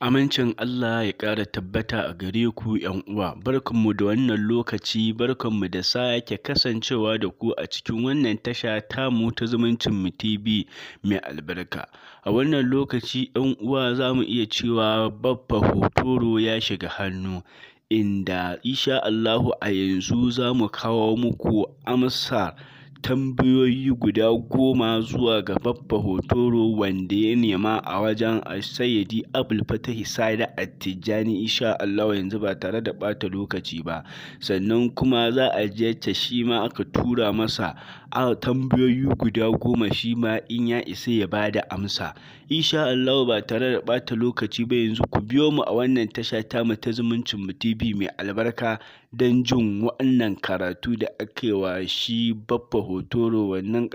Amincin Allah ya ƙara tabbata a gare ku uwa, barkanmu da wannan lokaci, barkanmu da sa sake kasancewa da ku a cikin wannan tasha tamu ta zumuncinmu TV mai albarka. A wannan lokaci uwa za mu iya cewa Baffa Hotoro ya shiga hannu. Inda insha Allahu a yanzu za mu kawo muku amsa tambayoyi guda goma zuwa ga babba Hotoro wanda ya nema a wajen Sayyid Abdel-Fattah hisada a tijjani isha Allah yanzu ba tare da ɓata lokaci ba sannan kuma za a je yacce shi ma aka tura masa a tambayoyi guda goma shi ma in ya isa ya ba da amsa. Insha Allah ba tare da ɓata lokaci ba yanzu ku biyo mu a wannan tasha tamu ta zumuncin mu TV mai albarka don jin wannan karatu da aka wa shi Baffa Hotoro wannan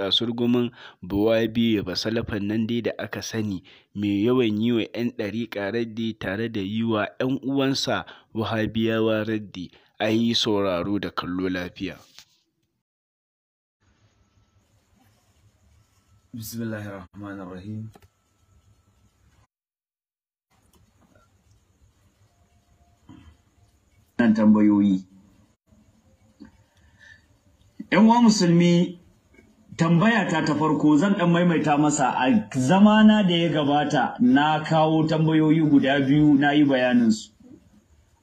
buwa biyu ba salafan nan dai da aka sani mai yawan yi wa 'yan ɗariƙa raddi tare da yi wa 'yan uwansa Wahabiyawa raddi. a yi sauraro da kallo lafiya. بسم الله الرحمن الرحيم nan tambayoyi ‘yan uwa musulmi tambaya ta ta farko zan ɗan maimaita masa a zamana da ya gabata na kawo tambayoyi guda biyu na yi bayaninsu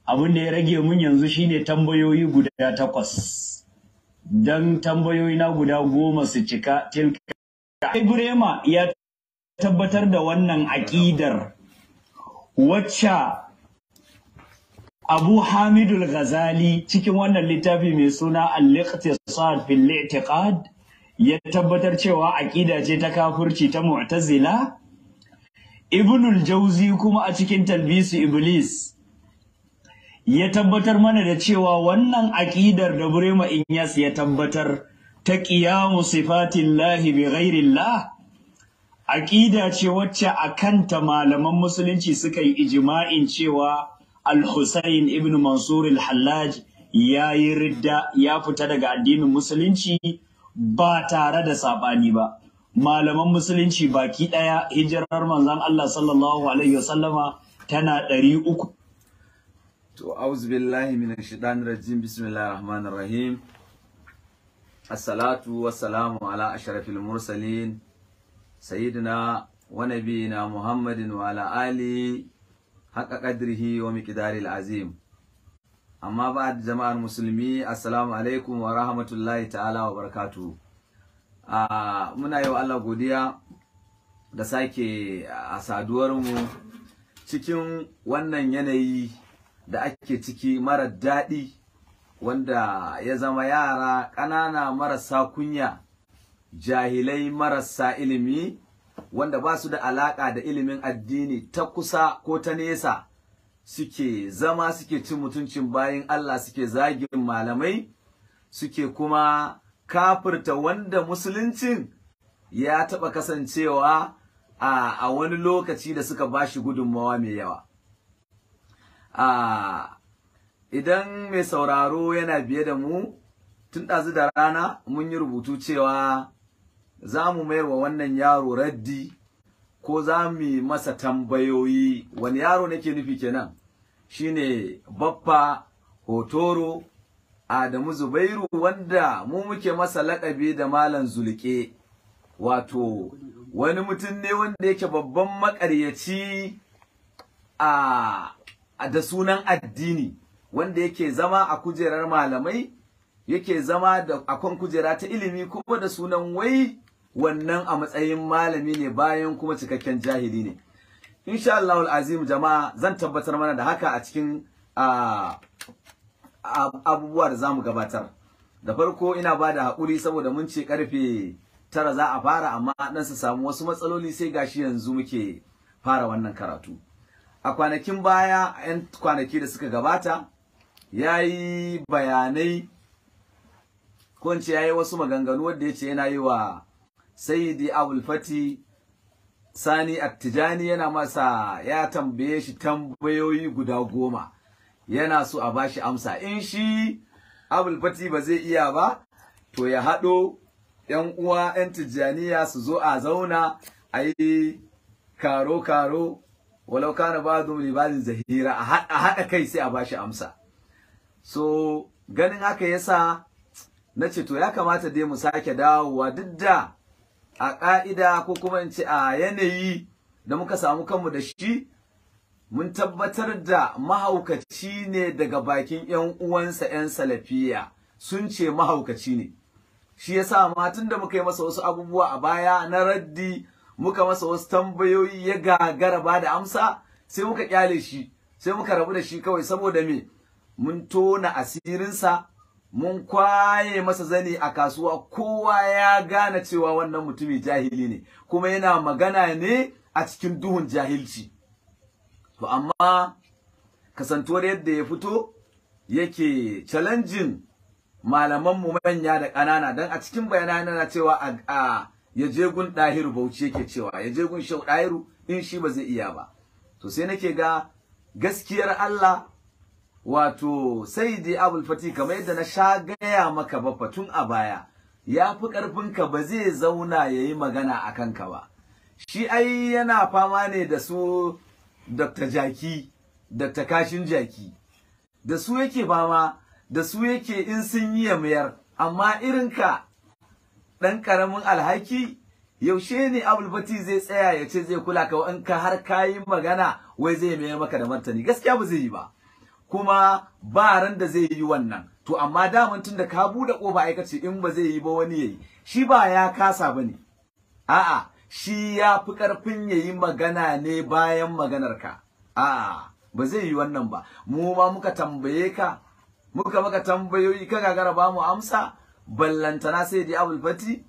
abin da ya rage mun yanzu shine tambayoyi guda takwas don tambayoyi na guda goma su cika tilka Ibrahim ya tabbatar da wannan aƙidar wacce Abu Hamidul Ghazali cikin wannan littafi mai suna Al-Iqtisad fil I'tiqad ya tabbatar cewa aƙida ce ta kafirci ta Mu'tazila Ibnul Jauzi kuma a cikin Talbisu Iblis ya tabbatar mana da cewa wannan aƙidar da Burema Inyas ya tabbatar ta ƙiyamu sifatillahi bi ghairillah aƙida ce wacce a kanta malaman musulunci suka yi ijima'in cewa al-Husayn ibn Mansur al-Hallaj ya yi ridda ya fita daga addinin musulunci ba tare da saɓani ba malaman musulunci baki ɗaya hijirar manzon Allah sallallahu alaihi wasallama tana ɗari uku to auzubillahi minash shaitanir rajim bismillahir assalatu wassalamu ala ashrafil mursalin sayyidina wa nabiyina muhammadin wa ala ali haqa qadrihi wa miqdaril azim amma ba jama'ar musulmi assalamu alaikum wa rahmatullahi ta'ala wa barakatuh uh, muna yau Allah godiya da sake a saduwar mu cikin wannan yanayi da ake ciki mara daɗi wanda ya zama yara ƙanana marasa kunya jahilai marasa ilimi wanda ba su da alaƙa da ilimin addini ta kusa ko ta nesa suke zama suke cin mutuncin bayan Allah suke zagin malamai suke kuma kafirta wanda musuluncin ya taɓa kasancewa a, a wani lokaci da suka bashi gudunmawa mai yawa. A, idan mai sauraro yana biye da mu tun ɗazu da rana mun yi rubutu cewa za mu mayar wa wannan yaro raddi ko za mu masa tambayoyi wani yaro nake nufi kenan shine baffa hotoro adamu zubairu wanda mu muke masa laƙabi da malam zulke wato wani mutum ne wanda yake babban makaryaci a da sunan addini wanda yake zama a kujerar malamai yake zama da akon kujera ta ilimi kuma da sunan wai wannan a matsayin malami ne bayan kuma cikakken jahili ne insha Allahul azim jama'a zan tabbatar mana da haka a cikin abubuwa da zamu gabatar da farko ina ba da haƙuri saboda mun ce karfe tara za a fara amma dan su samu wasu matsaloli sai gashi yanzu muke fara wannan karatu a kwanakin baya 'yan kwanaki da suka gabata ya yi bayanai ko ce ya yi wasu maganganu wadda ya ce yana yi wa sayidi abulfati sani attijani yana masa ya tambaye shi tambayoyi guda goma yana so a bashi amsa in shi abulfati ba zai iya ba to ya haɗo ‘yan uwa ‘yan Tijaniya su zo a zauna a yi karo-karo walau kana ba zahira a haɗa kai sai a bashi amsa so ganin haka yasa na ce to ya kamata dai mu sake dawowa duk da a ƙa'ida ko kuma in ce a yanayi da muka samu kanmu da shi mun tabbatar da mahaukaci ne daga bakin 'yan uwansa 'yan salafiya sun ce mahaukaci ne shi yasa ma tun da muka yi masa wasu abubuwa a baya na raddi muka masa wasu tambayoyi ya gagara ba da amsa sai muka kyale shi sai muka rabu da shi kawai saboda me mun tona asirinsa mun kwaye masa zani a kasuwa kowa ya gane cewa wannan mutumi jahili ne kuma yana magana ne a cikin duhun jahilci to amma kasantuwar yadda ya fito yake challenging malamanmu manya da ƙanana don a cikin bayanan yana cewa a ya je gun ɗahiru bauchi yake cewa ya je gun shau ɗahiru in shi ba zai iya ba to sai nake ga gaskiyar Allah wato Saidi Abulfati fati kamar yadda na sha gaya maka ba tun a baya ya fi ƙarfinka ba zai zauna ya yi magana a kanka ba shi ai yana fama ne da su dr jaki dr kashin jaki da su yake fama da su yake in sun yi ya mayar, amma irin ka ɗan ƙaramin alhaki yaushe ne Abulfati zai tsaya ya ce zai kula ka in ka har kayi magana wai zai mayar maka da martani gaskiya ba zai yi ba kuma ba ran da zai yi wannan to amma daman tunda ka bude kofa ai kace in ba zai yi ba wani yayi shi ba ya kasa bane a'a shi ya fi ƙarfin yayi magana ne bayan maganarka a'a ba zai yi wannan ba mu ma muka tambaye ka muka maka tambayoyi ka gagara ba mu amsa ballantana sai da abul fati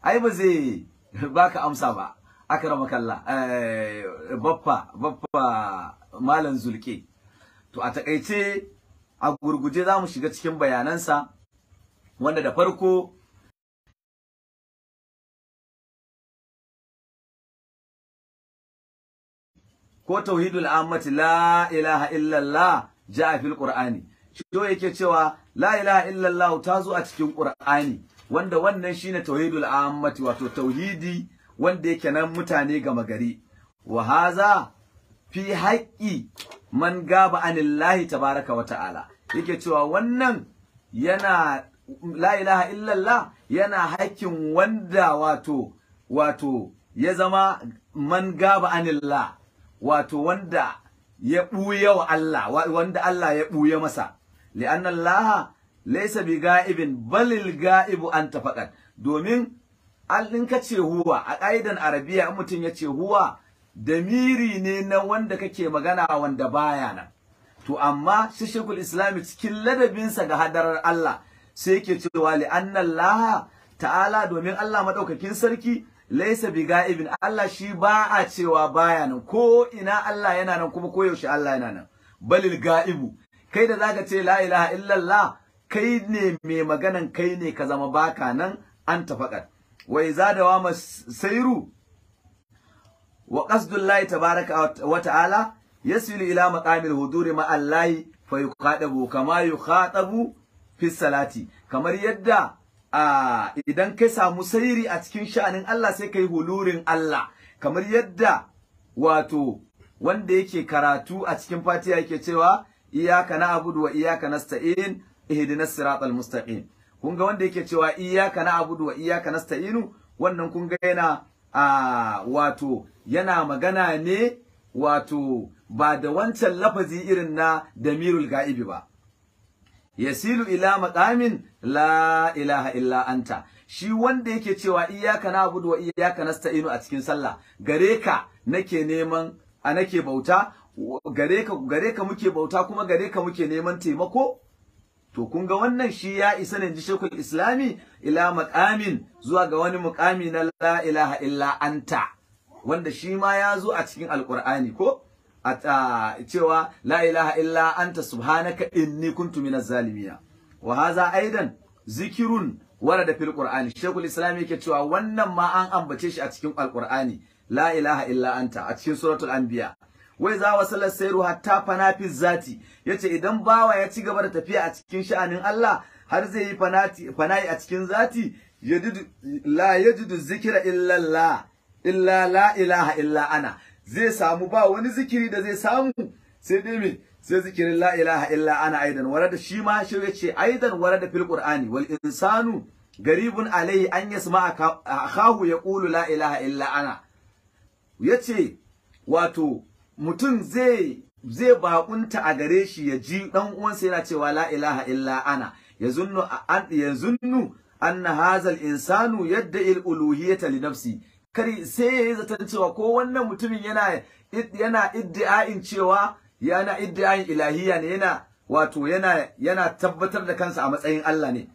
ai ba zai baka amsa ba akramaka eh baffa baffa malam zulke to a takaice a gurguje za mu shiga cikin bayanansa wanda da farko ko tauhidul ammati la ilaha illallah ja fil qur'ani to yake cewa la ilaha illallah ta zo a cikin qur'ani wanda wannan shine tauhidul ammati wato tauhidi wanda yake nan mutane gama gari wa haza fi haƙƙi man gaba anillahi tabaraka wa ta'ala yake cewa wannan yana la ilaha illallah yana haƙƙin wanda wato wato ya zama man gaba anillah wato wanda ya ɓuya wa Allah wanda Allah ya ɓuya masa li'anna Allah laysa bi ga'ibin balil ga'ibu anta faqat domin al din ka ce huwa a ƙa'idan arabiya in mutum ya ce huwa damiri ne na wanda kake magana wanda baya nan to amma shi shekul islami cikin ladabinsa ga hadarar Allah sai yake cewa li annallaha ta'ala domin Allah madaukakin sarki laisa bi ga'ibin Allah shi ba a cewa baya nan ko ina Allah yana nan kuma koyaushe Allah yana nan balil ga'ibu kai da zaka ce la ilaha illallah kai ne mai maganan kai ne ka zama baka nan an wa wai dawama masairu wa qasdullahi tabaraka wa ya sili ila maqamil huduri ma allahi fa yuqadabu kama yuqadabu fi salati kamar yadda idan kai samu sairi a cikin sha'anin Allah sai ka yi hulurin Allah kamar yadda wato wanda yake karatu a cikin fatiha yake cewa iyyaka na'budu wa iyyaka nasta'in ihdinas siratal mustaqim kun ga wanda yake cewa iyyaka na'budu wa iyyaka nasta'inu wannan kun yana a wato yana magana ne wato ba da wancan lafazi irin na damirul ga'ibi ba yasilu ila makamin, la ilaha illa anta shi wanda yake cewa iyyaka na'budu wa iyyaka nasta'inu a cikin sallah gare ka nake neman a nake bauta gare ka gare ka muke bauta kuma gare ka muke neman taimako to kun ga wannan shi ya isa ne ji shekul islami ila maqamin zuwa ga wani muqami na la ilaha illa anta wanda shi ma ya zo a cikin alqur'ani ko a cewa la ilaha illa anta subhanaka inni kuntu minaz zalimiya wa hadha aidan zikirun warada fil qur'ani shekul islami yake cewa wannan ma an ambace shi a cikin alqur'ani la ilaha illa anta a cikin suratul anbiya wai za wa salar sayru hatta fanafi zati yace idan bawa ya ci gaba da tafiya a cikin sha'anin Allah har zai yi fanati fana'i a cikin zati yajidu la yajidu zikra illa Allah illa la ilaha illa ana zai samu ba wani zikiri da zai samu sai dai me sai zikirin la ilaha illa ana aidan warada shi ma shi yace aidan warada fil qur'ani wal insanu garibun alai an yasma akahu yaqulu la ilaha illa ana yace wato mutum zai zai bakunta a gare shi ya ji dan uwansa yana cewa la ilaha illa ana yazunnu an yazunnu anna hazal insanu yadda il uluhiyata li nafsi kari sai ya zaton cewa ko wannan mutumin yana yana iddiain cewa yana iddiain ilahiya ne yana wato yana yana tabbatar da kansa a matsayin Allah ne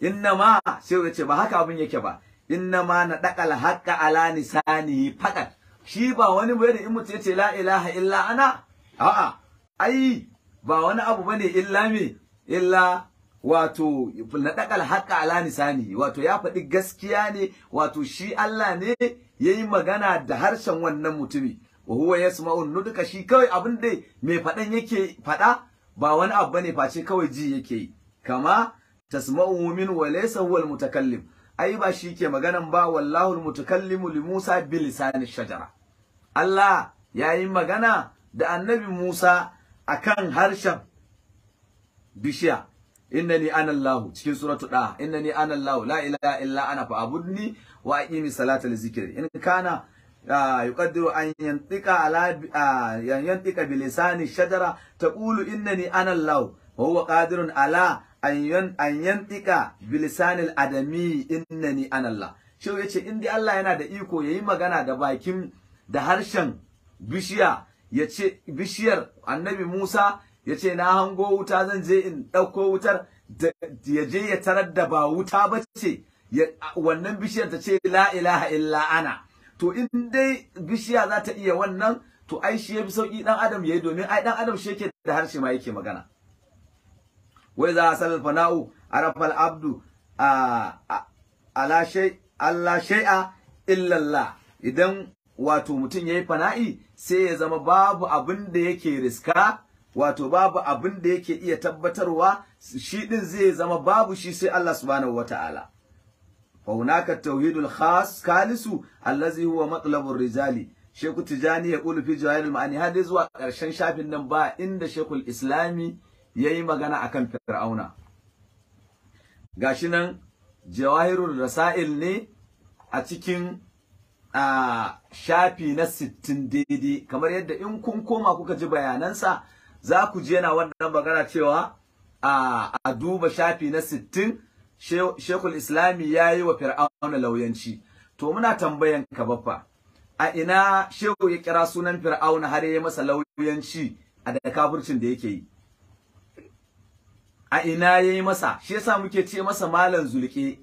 innama sai ya ce ba haka abin yake ba innama na dakal haqqa ala nisanihi faqat shi ba wani bane in mutum yace la ilaha illa ana a'a ai ba wani abu bane illa me illa wato nadakal haqa ala nisani wato ya faɗi gaskiya ne wato shi Allah ne yayi magana da harshen wannan mutumi wa huwa yasma'un nuduka shi kawai abin da mai faɗan yake faɗa ba wani abu bane face kawai ji yake yi kama tasma'u min wa laysa huwa almutakallim ai ba shi ke maganan ba wallahul mutakallimu li Musa bi lisani shajara Allah yayi magana da annabi Musa akan harshen bishiya innani ana Allah cikin suratu da innani ana Allah la ilaha illa ana fa'budni wa aqimi salata li zikri in kana yuqaddiru an yantika ala yantika bi lisani shajara taqulu innani ana Allah wa huwa qadirun ala an yantika bilisanil adami innani anallah shi yace in dai Allah yana da iko ya yi magana da bakin da harshen bishiya ce bishiyar annabi Musa ya ce na hango wuta zan je in ɗauko wutar ya je ya tarar da ba wuta ba ce. wannan bishiyar ta ce la ilaha illa ana to in dai bishiya za ta iya wannan to ai shi ya fi sauki ɗan adam yi domin ai ɗan adam shi yake da harshe ma yake magana wai za a fana'u arafal abdu ala shay Allah shay'a illallah idan wato mutum yayi fana'i sai ya zama babu abin da yake riska wato babu abin da yake iya tabbatarwa shi din zai zama babu shi sai Allah subhanahu wataala fa hunaka at-tauhidul khas khalisu allazi huwa matlabur rijali Sheku Tijani ya ƙulu fi jawahirul ma'ani har zuwa karshen shafin nan ba inda Shekul Islami Ya yi magana a kan fir'auna Ga shi nan jawahirul rasail ne a cikin shafi na sittin daidai kamar yadda in kun koma kuka ji bayanansa za ku ji yana wannan magana cewa a duba shafi na sittin, Shekul Islami ya yi wa Fir'auna lauyanci to muna tambayan ka baffa a ina shehu ya kira sunan Fir'auna har ya masa lauyanci a da kafircin da yake yi a ina yayi masa shi yasa muke ce masa malam zulke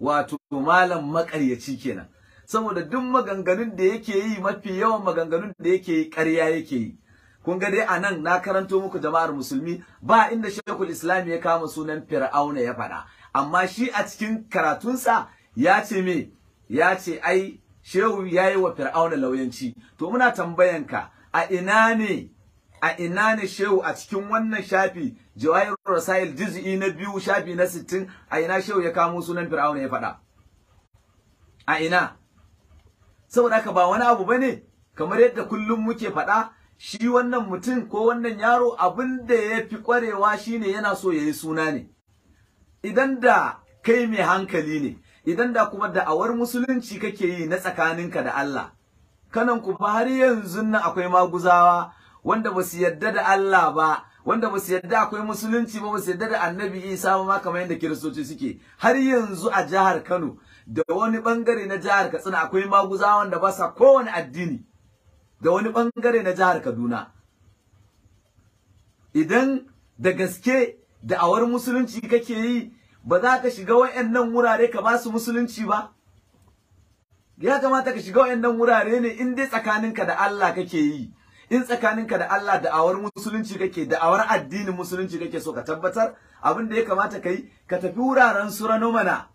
wato malam makaryaci kenan saboda duk maganganun da yake yi mafi yawan maganganun da yake yi ƙarya yake yi kun ga dai anan na karanto muku jama'ar musulmi ba inda shekul islam ya kama sunan fir'auna ya faɗa amma shi a cikin karatunsa ya ce me ya ce ai shehu ya yi wa fir'auna lauyanci to muna tambayanka a ina ne a ina ne shehu a cikin wannan shafi jawahir rasail juz'i na biyu shafi na sittin a ina shehu ya kamo sunan fir'auna ya faɗa a ina saboda haka ba wani abu bane kamar yadda kullum muke faɗa shi wannan mutum ko wannan yaro abin da ya fi ƙwarewa shine yana so ya yi suna ne idan da kai mai hankali ne idan da kuma da'awar musulunci kake yi na tsakaninka da Allah kanan ku har yanzu nan akwai maguzawa wanda ba su yarda da Allah ba wanda ba su yarda akwai musulunci ba ba su yarda da annabi Isa ba ma kamar yadda kiristoci suke har yanzu a jihar Kano da wani bangare na jihar Katsina akwai maguzawan da ba sa kowane addini da wani bangare na jihar Kaduna idan da gaske da awar musulunci kake yi ba za ka shiga wayannan wurare ka ba su musulunci ba ya kamata ka shiga wayannan wurare ne in dai tsakaninka da Allah kake yi in tsakaninka da Allah da'awar musulunci kake da'awar addinin musulunci kake so ka tabbatar abin da ya kamata ka ka tafi wuraren su mana.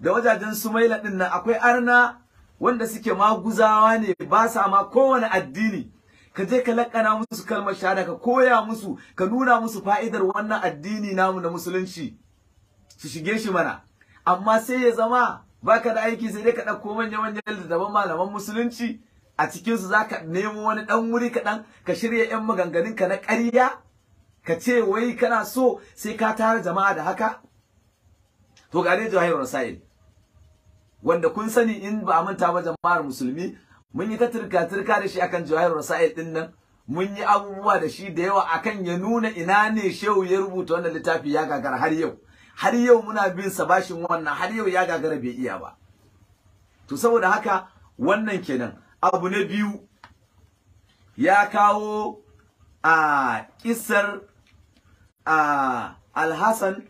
da wajajen su maila din nan akwai arna wanda suke maguzawa ne ba sa ma kowane addini ka je ka lakana musu kalmar shahada ka koya musu ka nuna musu fa'idar wannan addini namu na musulunci su shige shi mana amma sai ya zama baka da aiki sai dai ka ɗauko manya-manyan littattafan malaman musulunci a cikinsu za ka nemo wani ɗan wuri kaɗan ka shirya 'yan ka na ƙarya ka ce wai kana so sai ka tara jama'a da haka to ga dai jawahir rasail wanda kun sani in ba manta ba jama'ar musulmi mun yi ta turka turka da shi akan jawahir rasail din nan mun yi abubuwa da shi da yawa akan ya nuna ina ne shehu ya rubuta wannan littafi ya gagara har yau har yau muna bin sa bashin wannan har yau ya gagara bai iya ba to saboda haka wannan kenan abu na biyu ya kawo a kisar a alhassan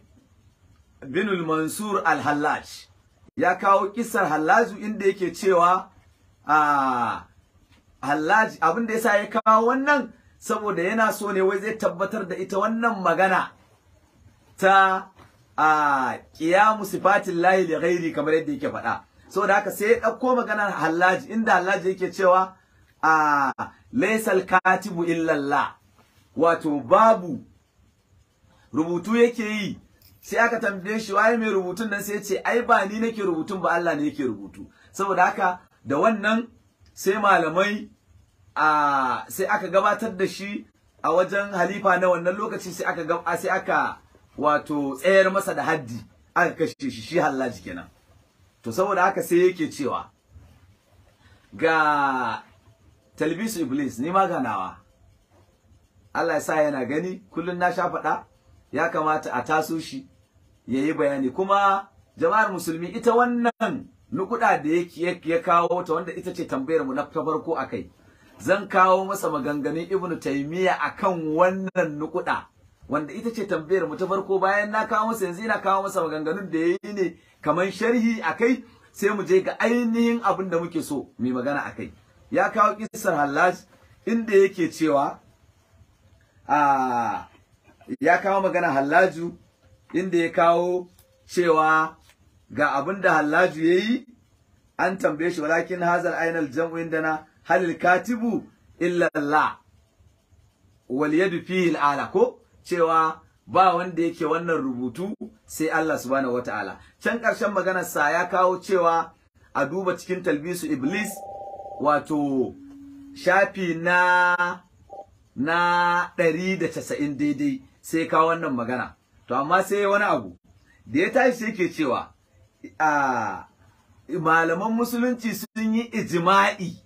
bin mansur alhallaj ya kawo kisar hallaju inda yake cewa a hallaji abin da sa ya kawo wannan saboda yana so ne wai zai tabbatar da ita wannan magana ta a ƙiyamu sifatin lahi da ghairi kamar yadda yake faɗa saboda haka sai ya ɗauko maganar hallaji inda halaji yake cewa a laisal katibu illallah wato babu rubutu yake yi sai aka tambaye shi waye mai rubutun nan sai ya ce ai ba ni nake rubutun ba Allah ne yake rubutu saboda haka da wannan sai malamai a sai aka gabatar da shi a wajen halifa na wannan lokaci sai aka sai aka wato tsayar masa da haddi aka kashe shi shi hallaji kenan to saboda haka sai yake cewa ga talibisu iblis ni ma Allah ya sa yana gani kullun na sha faɗa ya kamata a taso shi ya yi bayani kuma jama'ar musulmi ita wannan nukuda da ya kawo ta wanda ita ce tambayar mu na farko akai zan kawo masa maganganun ibnu taymiya akan wannan nukuda wanda ita ce tambayar mu ta farko bayan na kawo masa yanzu ina kawo masa maganganun da yayi ne kamar sharhi akai sai mu je ga ainihin abin da muke so mu magana akai ya kawo kisar Hallaj inda yake cewa a ah, ya kawo magana Hallaju inda ya kawo cewa ga abin da Hallaju yi an tambaye shi walakin hazal ainal jam'u indana halil katibu illa Allah wal yadu fihi ala ko cewa ba wanda yake wannan rubutu sai Allah subhanahu wataala can ƙarshen maganar sa ya kawo cewa a duba cikin talbisu iblis wato shafi na na 190 daidai sai kawo wannan magana to amma sai wani abu da ya tashi sai yake cewa a malaman musulunci sun yi ijma'i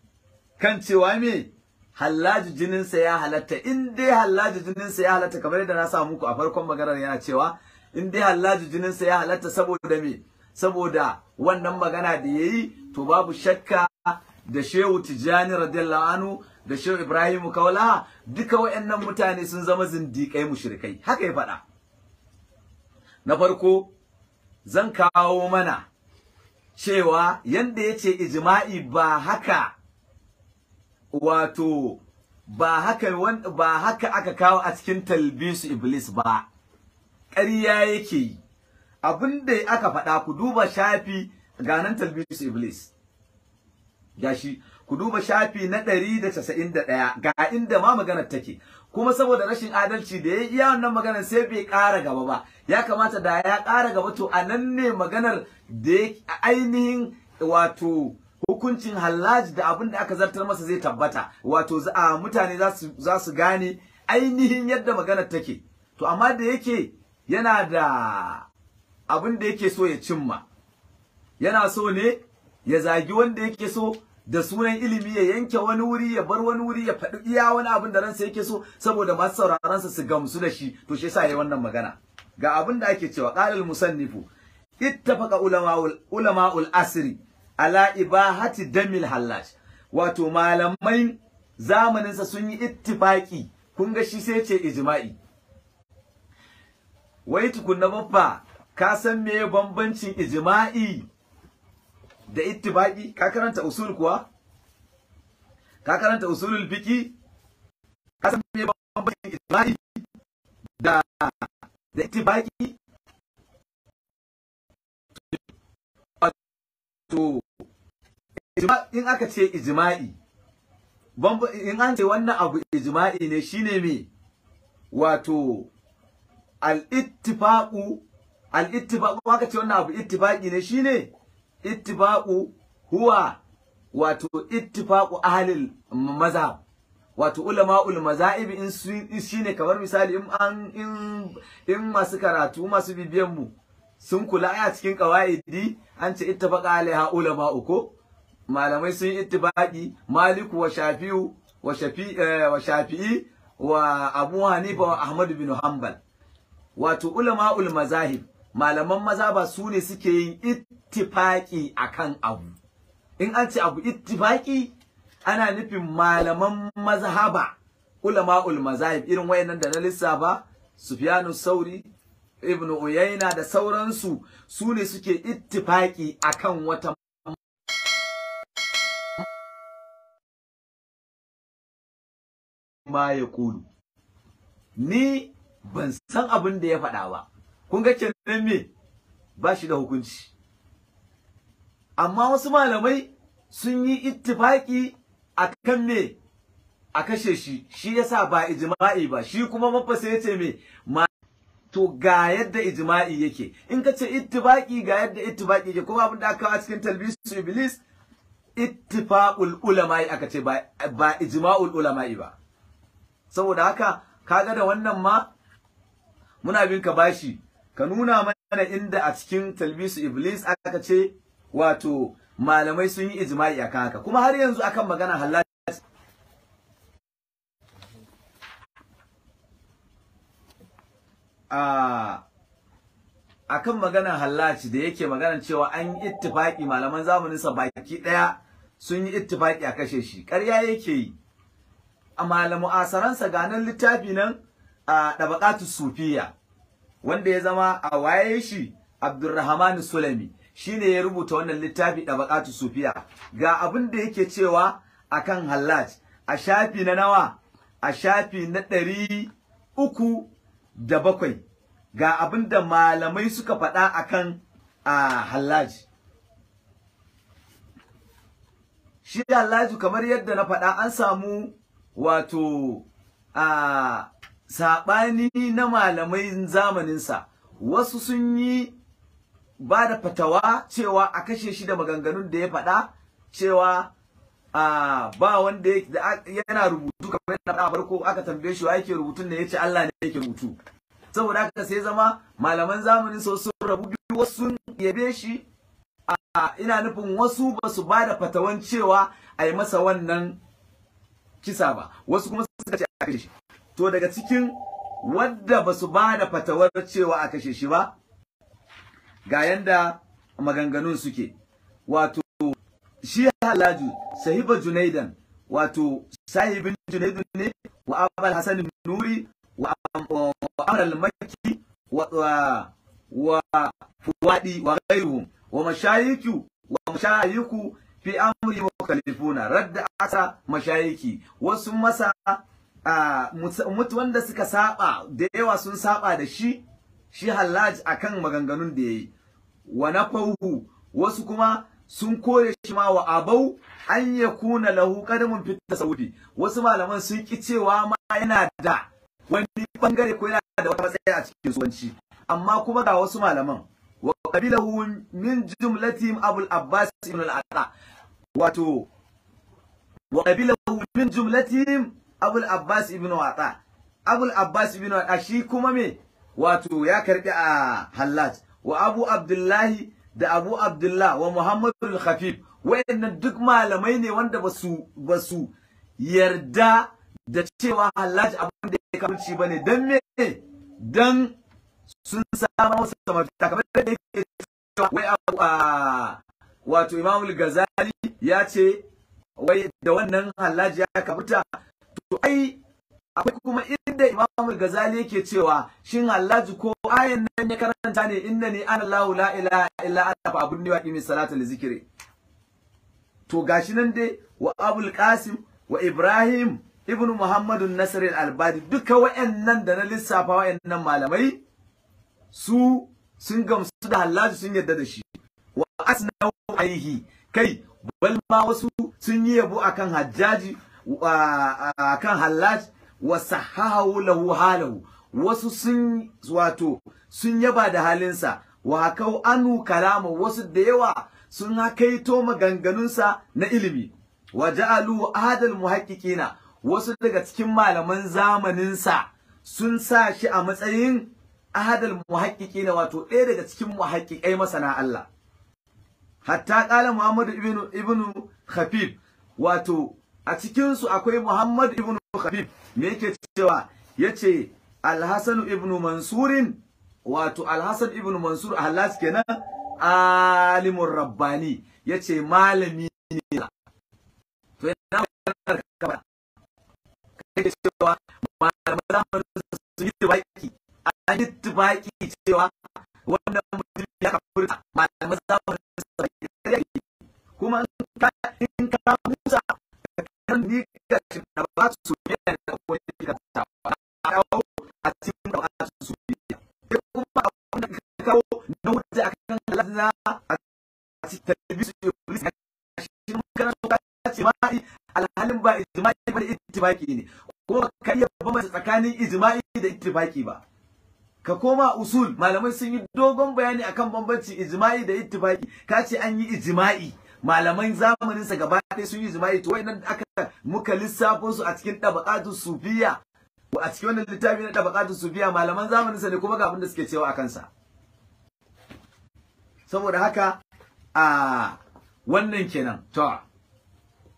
kan cewa me hallaji jininsa ya halatta in dai hallaji jininsa ya halatta kamar yadda na sa muku a farkon maganar yana cewa in dai hallaji jininsa ya halatta saboda me saboda wannan magana da yayi to babu shakka da Shehu Tijani radiyallahu anhu da Shehu Ibrahim kaula duka wayannan mutane sun zama zindiƙai mushrikai haka ya faɗa na farko zan kawo mana cewa yanda yace ijma'i ba haka wato ba haka ba haka aka kawo a cikin talbisu iblis ba ƙarya yake yi abin da aka faɗa ku duba shafi ga nan talbisu iblis gashi ku duba shafi na 191 ga inda ma maganar take kuma saboda rashin adalci da ya iya wannan maganar sai bai ƙara gaba ba ya kamata da ya ƙara gaba to a nan ne maganar da ainihin wato hukuncin hallaji da abin da aka zartar masa zai tabbata wato mutane za su gane ainihin yadda maganar take to amma da yake yana da abin da yake so ya cimma yana so ne ya zagi wanda yake so da sunan ilimi ya yanke wani wuri ya bar wani wuri ya faɗi iya wani abin da ransa yake so saboda masu sauraronsa su gamsu da shi to shi yasa yi wannan magana ga abin da ake cewa qalal musannifu ittafaqa ulama ul asri ala ibahati damil hallaj wato malamai zamanin sa sun yi ittifaki kun ga shi sai ce ijma'i wai tukunna babba ka san meye bambancin ijma'i da ittifaki ka karanta usul kuwa ka karanta usulul fiqi ka san meye bambancin ijma'i da da ittifaki to in aka ce ijma'i in an ce wannan abu ijma'i ne shine me wato al-ittifaqu al-ittifaqu aka ce wannan abu ittifaqi ne shine ittifaqu huwa wato ittifaqu ahlil mazhab wato ul mazaibi in shine kamar misali in an in in masu karatu masu bibiyan mu sun kula a cikin qawaidi an ce ittifaqa alaiha ulama uku. malamai sun yi ittifaqi maliku wa shafi'u wa shafi'i eh, wa shafi'i wa abu hanifa wa ahmad bin hanbal wato ulama'ul mazahib malaman mazaba su ne suke yin ittifaqi akan abu in an ce abu ittifaqi ana nufin malaman mazhaba ulama'ul mazahib irin wayannan da na lissafa Sufyanu Sauri Ibn Uyayna da sauransu su ne suke ittifaki akan wata ma ya kulu ni ban san abin da ya faɗa ba kun ga kenan me ba shi da hukunci amma wasu malamai sun yi ittifaki akan me a kashe shi shi yasa ba ijma'i ba shi kuma mafasa yace me ma to ga yadda ijma'i yake in ka ce ittifaki ga yadda ittifaki yake kuma abin da aka a cikin talbisu iblis ittifaqul ulama'i aka ce ba ijma'ul ulama'i ba saboda haka kaga da wannan ma muna bin ka bashi ka nuna mana inda a cikin talbisu iblis aka ce wato malamai sun yi ijma'i akan haka kuma har yanzu akan magana halal a akan maganar hallaci da yake maganar cewa an yi ittifaki malaman sa baki daya sun yi ittifaki a kashe shi ƙarya yake yi a malamu asaransa ga nan littafi nan a dabaqatu sufiya wanda ya zama a waye shi abdurrahman Sulami shine ya rubuta wannan littafi dabaqatu sufiya ga abin da yake cewa akan Hallaj a shafi na nawa a shafi na ɗari uku da bakwai ga abin da malamai suka faɗa akan a Hallaj shi Hallaj kamar yadda na faɗa an samu wato a saɓani na malamai zamaninsa wasu sun yi ba da fatawa cewa a kashe shi da maganganun da ya faɗa cewa a ba wanda yana rubutu kamar yana faɗa farko aka tambaye shi ake rubutun da yace Allah ne yake rubutu saboda haka sai zama malaman zamanin so sun rabu wasu yabe shi ina nufin wasu ba su ba da fatawan cewa a yi masa wannan kisa ba wasu kuma suka ce a kashe shi to daga cikin wadda ba su ba da fatawar cewa a kashe shi ba ga yanda maganganun suke wato shi halaju sahiba junaidan wato sahibin junaidu ne wa abal hasan nuri wa amr al wa wa fuwadi wa ghayruhum wa mashayiku wa mashayiku fi amri Kalifuna, radda asa mashayiki wasu masa mutu wanda suka saba da yawa sun saba da shi shi a kan maganganun da yayi wa nafahu wasu kuma sun kore shi ma wa abau an yakuna lahu qadamun fit tasawufi wasu malaman sun ki cewa ma yana da wani bangare ko yana da wata matsayi a cikin suwanci amma kuma ga wasu malaman wa qabilahu min jumlatihim abul abbas ibn al-aqa wato wa qabilahu min jumlatihim abul abbas ibn wata abul abbas ibn wata shi kuma me wato ya karbi a hallaj wa abu abdullahi da abu abdullah wa muhammadul khafif wayannan duk malamai ne wanda basu basu yarda da cewa hallaj abin da ya kamci bane dan me dan sun samu masa mafita kamar da yake cewa wai abu a wato imamul gazali ya ce wai da wannan hallaji ya kabuta to ai akwai kuma inda Imam gazali yake cewa shin halaji ko ayin nan ya karanta ne inna ni ana la ilaha illa ana fa abun niwa qimis salata li zikri to gashi nan dai wa Abul Qasim wa Ibrahim ibnu Muhammadu Nasir albadi albani duka wayannan da na lissafa waannan malamai su sun gamsu da halaji sun yadda da shi wa asnau aihi kai bal ma wasu sun yi yabo akan hajjaji akan hallaj wa sahahu lahu halahu wasu sun wato sun yaba da halinsa wa hakau anu kalama wasu da yawa sun hakaito maganganunsa na ilimi wa ja'alu adal muhaqqiqina wasu daga cikin malaman zamaninsa sun sa shi a matsayin ahadal muhaqqiqina wato ɗaya daga cikin muhaqqiqai masana Allah hatta kala muhammad ibnu ibnu khafif wato a cikin su akwai muhammad ibnu khafif me yake cewa yace alhasan ibnu Mansur wato alhasan ibnu mansur ahlas kenan alimur rabbani yace malami ne to ina ka kake cewa malaman su yi baki an yi baki cewa wannan mutum ya kafirta malaman zamanin ka in ka musa kan ni ka ba su a cikin ne sai kuma abin da ka a ba ka iya bambanta tsakanin ijma'i da ittibaki ba ka koma usul malamai sun yi dogon bayani akan bambanci ijima'i da ittifaki ka ce an yi ijima'i malaman zamanin sa gaba ɗaya sun yi ijma'i to wayannan aka muka lissafo su a cikin tabaqatu sufiya a cikin wannan littafi na tabaqatu sufiya malaman zamanin sa ne kuma ga abin da suke cewa akan sa saboda haka a wannan kenan to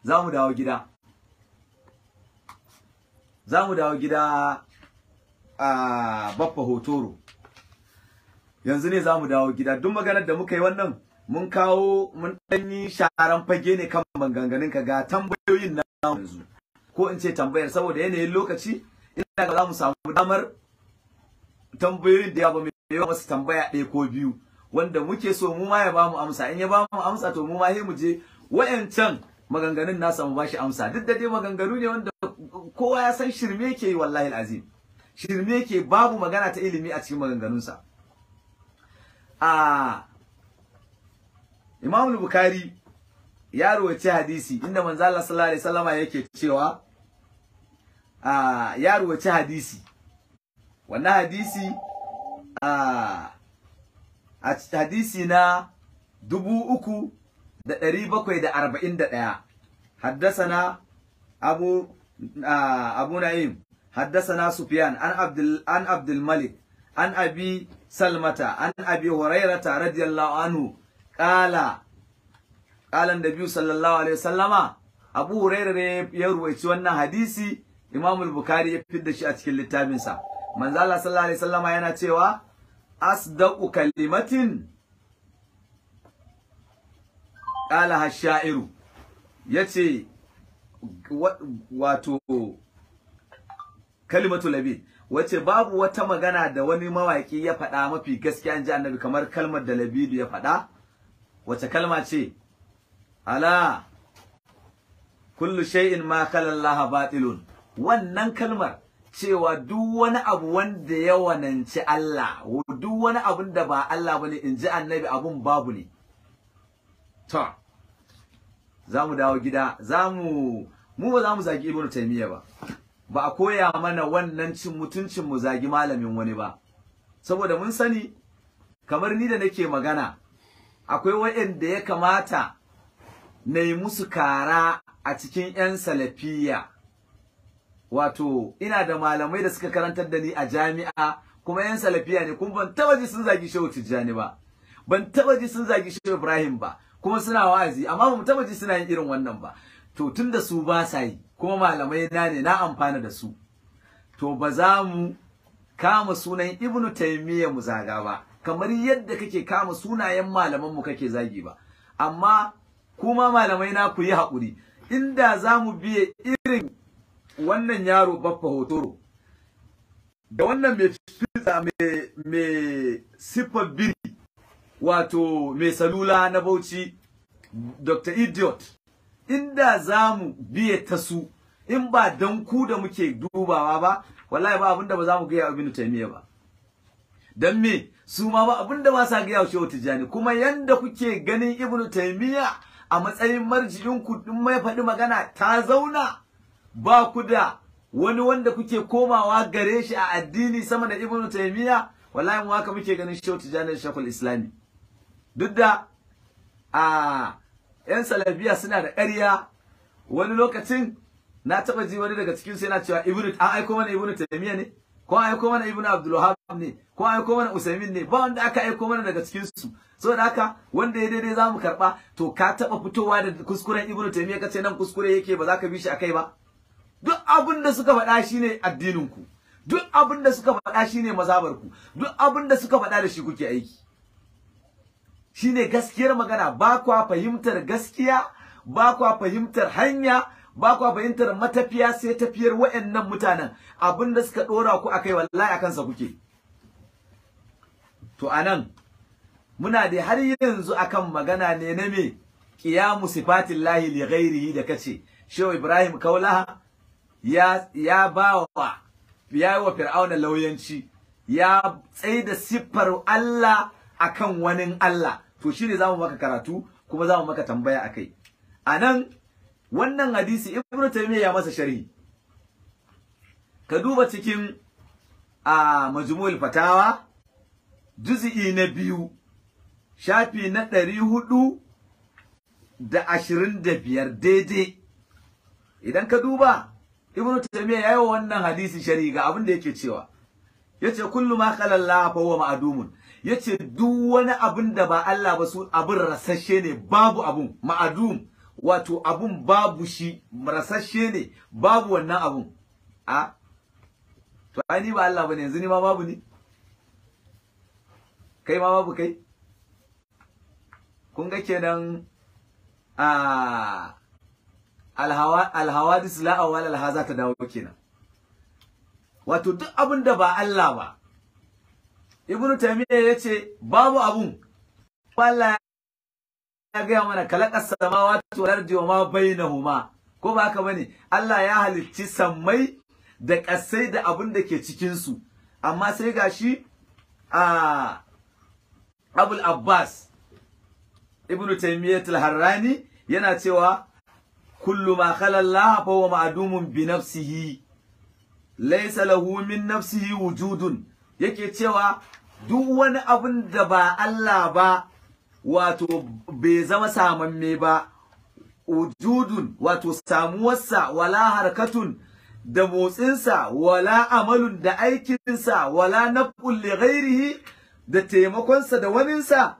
za mu dawo gida za mu dawo gida a baffa hotoro yanzu ne za mu dawo gida duk maganar da muka yi wannan mun kawo mun ɗanyi sharan fage ne kan maganganun ka ga tambayoyin na yanzu ko in ce tambayar saboda yanayin lokaci ina ga za mu samu damar tambayoyin da ya ba mai yawa masu tambaya ɗaya ko biyu wanda muke so mu ma ya ba mu amsa in ya ba mu amsa to mu ma sai mu je wayancan maganganun nasa mu ba shi amsa duk da dai maganganu ne wanda kowa ya san shirme ke wallahi azim shirme ke babu magana ta ilimi a cikin maganganunsa a ah, Imam Bukhari ya rawaci hadisi inda manzo Allah sallallahu alaihi wasallam yake cewa ah ya rawaci hadisi wannan hadisi ah, a cikin hadisi na dubu uku da bakwai da arba'in da ɗaya haddasana abu ah, abu na'im haddasana sufyan an abdul an abdul malik an abi salmata an abi Hurairah radiyallahu anhu ƙala ƙalan da biyu sallallahu alaihi wasallama abu hurairah ne ya ruwaici wannan hadisi Imam al bukhari ya fidda shi a cikin littafinsa manzo Allah sallallahu alaihi wasallama yana cewa asdaqu kalimatin kala hasha'iru yace wato kalimatu labi wace babu wata magana da wani mawaki ya faɗa mafi gaskiya ji annabi kamar kalmar da labidu ya faɗa wace kalma ce ala kullu shay'in ma Laha batilun wannan kalmar cewa duk wani abu wanda ya wananci Allah duk wani abu da ba Allah bane in ji annabi abun babu ne to za mu dawo gida za mu mu ba za mu zagi ibnu taymiya ba ba a koya mana wannan cin mutuncin mu zagi malamin wani ba saboda mun sani kamar ni da nake magana akwai waɗanda ya kamata na yi musu kara a cikin 'yan salafiya wato ina da malamai da suka karantar da ni a jami'a kuma 'yan salafiya ne kuma ban taba ji sun zagi shehu tijjani ba ban taba ji sun zagi shehu ibrahim ba kuma suna wa'azi amma ban taba ji suna yin irin wannan ba to tun da su ba sa yi kuma malamai na ne na amfana da su to ba za mu kama sunan ibnu taymiya mu zaga ba kamar yadda kake kama sunayen malamanmu mu kake zagi ba amma kuma malamai na ku yi haƙuri inda za mu biye irin wannan yaro baffa hotoro da wannan mai fitsa mai siffar biri wato mai salula na bauchi dr idiot inda za mu biye ta su in ba dan ku da muke dubawa ba wallahi ba abinda ba za mu gaya ibnu taymiya ba dan me su ma ba abinda ba sa gaya shehu tijjani kuma yanda kuke ganin ibnu taymiya a matsayin marji'in ku din mai faɗi magana ta zauna ba ku da wani wanda kuke komawa gare shi a addini sama da ibnu taymiya wallahi mu haka muke ganin shehu tijjani shakul islami duk da a yan salafiya suna da ƙarya wani lokacin na taba ji wani daga cikin su yana cewa ibnu an aiko mana ibnu taymiya ne ko aiko mana ibnu abdul wahab ne ko aiko mana usaimin ne ba wanda aka aiko mana daga cikin su saboda haka wanda ya daidai zamu karba to ka taba fitowa da kuskuren ibnu taymiya kace nan kuskure yake ba za ka bi shi akai ba duk abin da suka faɗa shine addinin ku duk abin da suka faɗa shine mazabar ku duk abin da suka faɗa da shi kuke aiki shine gaskiyar magana ba kwa fahimtar gaskiya ba kwa fahimtar hanya ba kwa fahimtar matafiya sai tafiyar wa'yannan mutanen abin da suka ɗora ku akai wallahi akan sa kuke to anan muna da har yanzu akan magana ne na me qiyamu sifatillahi li ghairihi da kace shehu ibrahim kaulaha ya ya bawa ya yi wa fir'auna lauyanci ya tsaida siffar Allah akan wani Allah to shine zamu maka karatu kuma zamu maka tambaya akai anan wannan hadisi ibnu taymiya ya masa sharhi ka duba cikin a majmu'ul fatawa juz'i na biyu shafi na ɗari hudu da ashirin da biyar daidai idan ka duba ibnu taymiya ya yi wannan hadisi sharhi ga abin da yake cewa yace kullu ma qala Allah fa huwa ma'dumun yace duk wani abin da ba Allah ba su abin rasasshe ne babu abun ma'adum wato abun babu shi marasashe ne babu wannan abun a to ai ni ba Allah bane yanzu ni ma babu ni kai ma babu kai kun ga kenan a alhawa alhawadis la awwal alhaza ta dawo kenan wato duk abun da ba Allah ba ibnu taymiya yace babu abun Allah ya gaya mana kalakas samawa tuwar dioma bainahuma ko ba haka bane Allah ya halicci sammai da kasai da abin da ke cikin su amma sai gashi a Abul Abbas Ibn Taymiyyah al-Harrani yana cewa kullu ma khala Allah fa huwa ma'dumun bi nafsihi laysa lahu min nafsihi wujudun yake cewa duk wani abin da ba Allah ba wato bai zama samamme ba Ujudun wato samuwarsa wala harkatun da motsinsa wala amalun da aikinsa wala naqul li ghairihi da taimakonsa da waninsa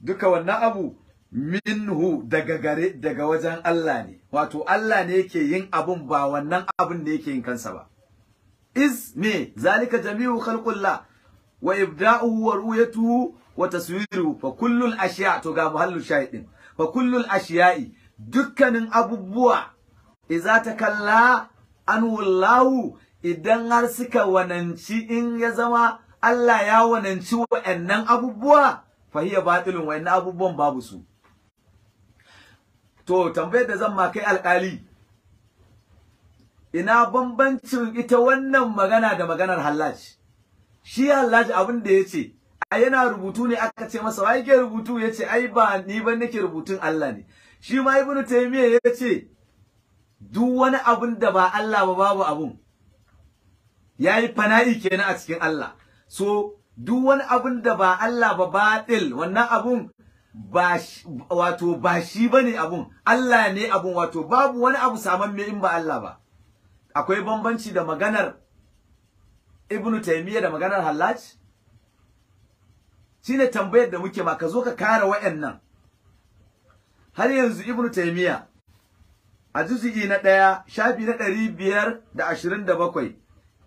duka wannan abu minhu daga gare daga wajen Allah ne wato Allah ne yake yin abun ba wannan abun ne yake yin kansa ba iz me zalika jami'u khalqullah wa ibda'uhu wa ru'yatuhu wa taswiruhu fa kullul ashiya to ga muhallu shahidin fa kullul ashiya'i dukkanin abubuwa idza an anwullahu idan har suka wananci in ya zama Allah ya wananci wa'annan abubuwa fa hiya batilun wa'annan abubuwan babu su to tambayar da zan ma kai alkali ina bambancin ita wannan magana da maganar Hallaj shi Hallaj abin da yace a yana rubutu ne aka ce masa wai ke rubutu ya ce ai ba ni ba nake rubutun Allah ne shi ma ibn taymiya ya ce duk wani abun da ba Allah ba babu abun yayi fana'i kenan a cikin Allah so duk wani abun da ba Allah ba batil wannan abun ba wato ba shi bane abun Allah ne abun wato babu wani abu saman me in ba Allah ba akwai bambanci da maganar ibn taymiya da maganar hallaj shine tambayar da muke ma ka zo ka kare wayannan har yanzu ibnu taymiya a juz'i na ɗaya shafi na ɗari biyar da ashirin da bakwai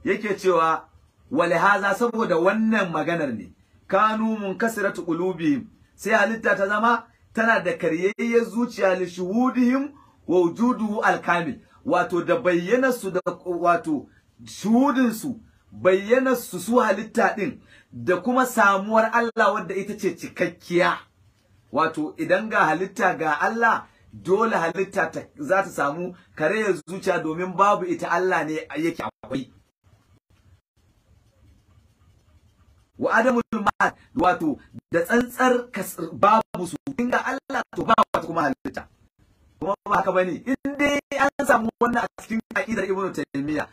yake cewa walihaza saboda wannan maganar ne kanu munkasiratu qulubihim sai halitta ta zama tana da karyayye zuciya li shuhudihim wa wujuduhu alkamil wato da su da wato bayyana bayyanarsu su halitta din da kuma samuwar Allah wadda ita ce cikakkiya wato idan ga halitta ga Allah dole halitta za ta samu ya zuciya domin babu ita Allah ne yake akwai wa adamul ma'ad wato da tsantsar babu su inda Allah to ba wata kuma halitta kuma ba haka bane in dai an samu wannan a cikin aqidar ibnu taymiya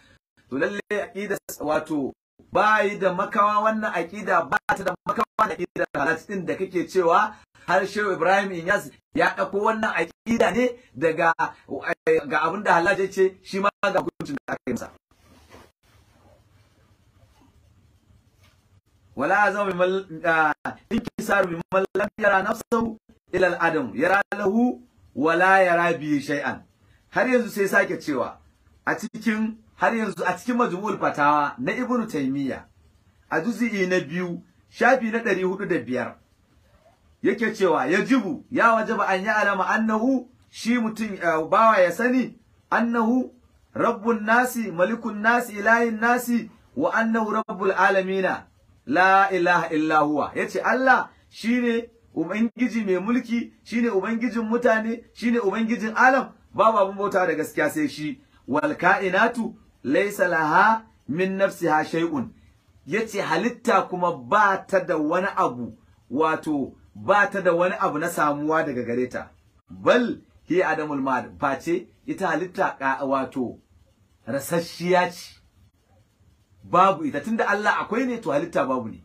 to lalle aqidar wato bayi da makawa wannan aƙida ba ta da makawa da aƙidar halas din da kake cewa har shehu ibrahim inyas ya ɗauko wannan aƙida ne daga eh, ga abin da halas ce shi ma ga hukuncin da aka yi masa wala azam mal eh, inkisar min mal lam yara nafsahu ila al-adam yara lahu wala yara bi shay'an har yanzu sai sake cewa a cikin har yanzu a cikin majmu'ul fatawa na ibnu taymiya a juz'i na biyu shafi na ɗari da 405 yake cewa ya jibu, ya ba an yi ya'lama annahu shi mutum eh, bawa ya sani annahu rabbun nasi malikun nasi ilahin nasi wa annahu rabbul alamina la ilaha illa huwa yace Allah shine ubangiji mai mulki shine ubangijin mutane shine ubangijin alam babu abin bauta da gaskiya sai shi wal kainatu laisa laha min nafsiha shay'un yace halitta kuma ba ta da wani abu wato ba ta da wani abu na samuwa daga gareta. ta bal hi adamul mad face ita halitta wato rasasshiya ce babu ita tunda Allah akwai ne to halitta babu ne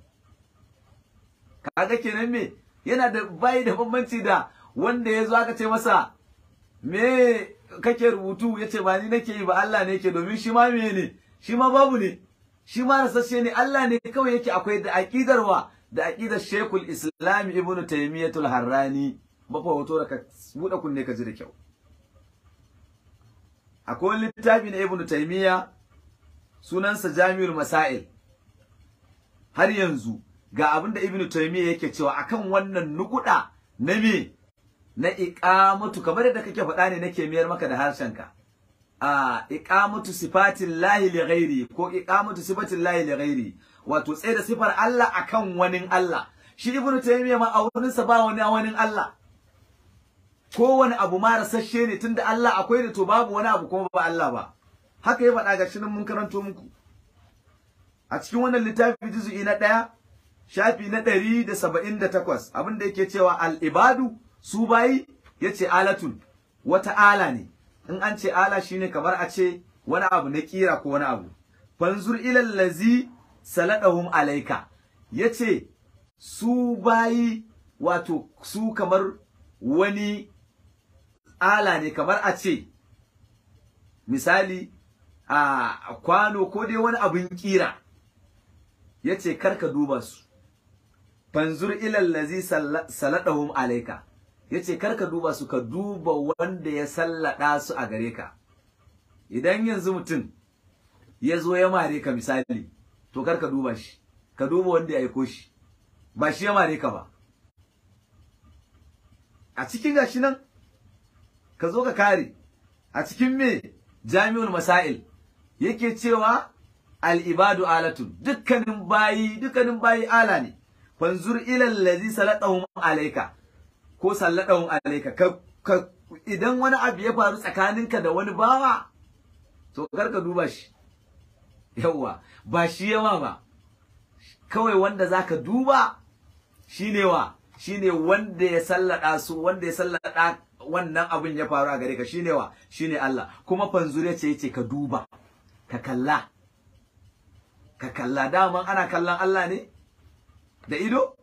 kaga kenan me yana da bai da bambanci da wanda yazo aka ce masa me kake rubutu yace ba ni nake yi ba Allah ne yake domin shi ma me ne shi ma babu ne shi ma rasasshe ne Allah ne kawai yake akwai da aqidarwa da aqidar Sheikhul Islam Ibn Taymiyyah Al-Harrani ba fa hoto ka buɗe kunne ka ji da kyau akwai littafi na Ibn Taymiyyah sunansa Jami'ul Masail har yanzu ga abinda da Ibn Taymiyyah yake cewa akan wannan nukuda na me na iqamatu kamar yadda kake faɗa ne nake miyar maka da ka. a iqamatu sifatin lahi li ghairi ko iqamatu sifatin lahi li ghairi wato tsaye da sifar Allah akan wani Allah shi ibnu taymiya ma aunin sa ba wani wani Allah kowane abu ma rasasshe ne tunda Allah akwai da to babu wani abu kuma ba Allah ba haka ya faɗa ga shinin mun karanto muku a cikin wannan littafi juzu'i na ɗaya shafi na ɗari da saba'in da takwas abinda yake cewa al ibadu su bayi ce, alatun wata ala ne in an ce ala shine kamar a ce wani abu na kira ko wani abu fanzur ilal lazi saladahum Ya ce, su bayi wato su kamar wani ala ne kamar a ce misali a kwano ko dai wani abin kira yace karka duba su fanzur ilal lazi saladahum alaika yace kar ka duba su ka duba wanda ya sallada su a gare ka idan yanzu mutum ya zo ya mare ka misali to kar duba shi ka duba wanda ya aiko shi ba shi ya mare ka ba a cikin gashi nan ka zo ka kare a cikin me jami'ul masail yake cewa al'ibadu alatun dukkanin bayi dukkanin bayi ala ne fanzur ilal ladzi salatahum alayka ko salladau alaika ka idan wani abu ya faru tsakaninka da wani bawa to kar ka duba shi yawa ba shi yawa ba kawai wanda zaka duba shine wa shine wanda ya sallada su wanda ya sallada wannan abin ya faru a gare ka shine wa shine Allah kuma fanzure ce yace ka duba ka kalla ka kalla daman ana kallon Allah ne da ido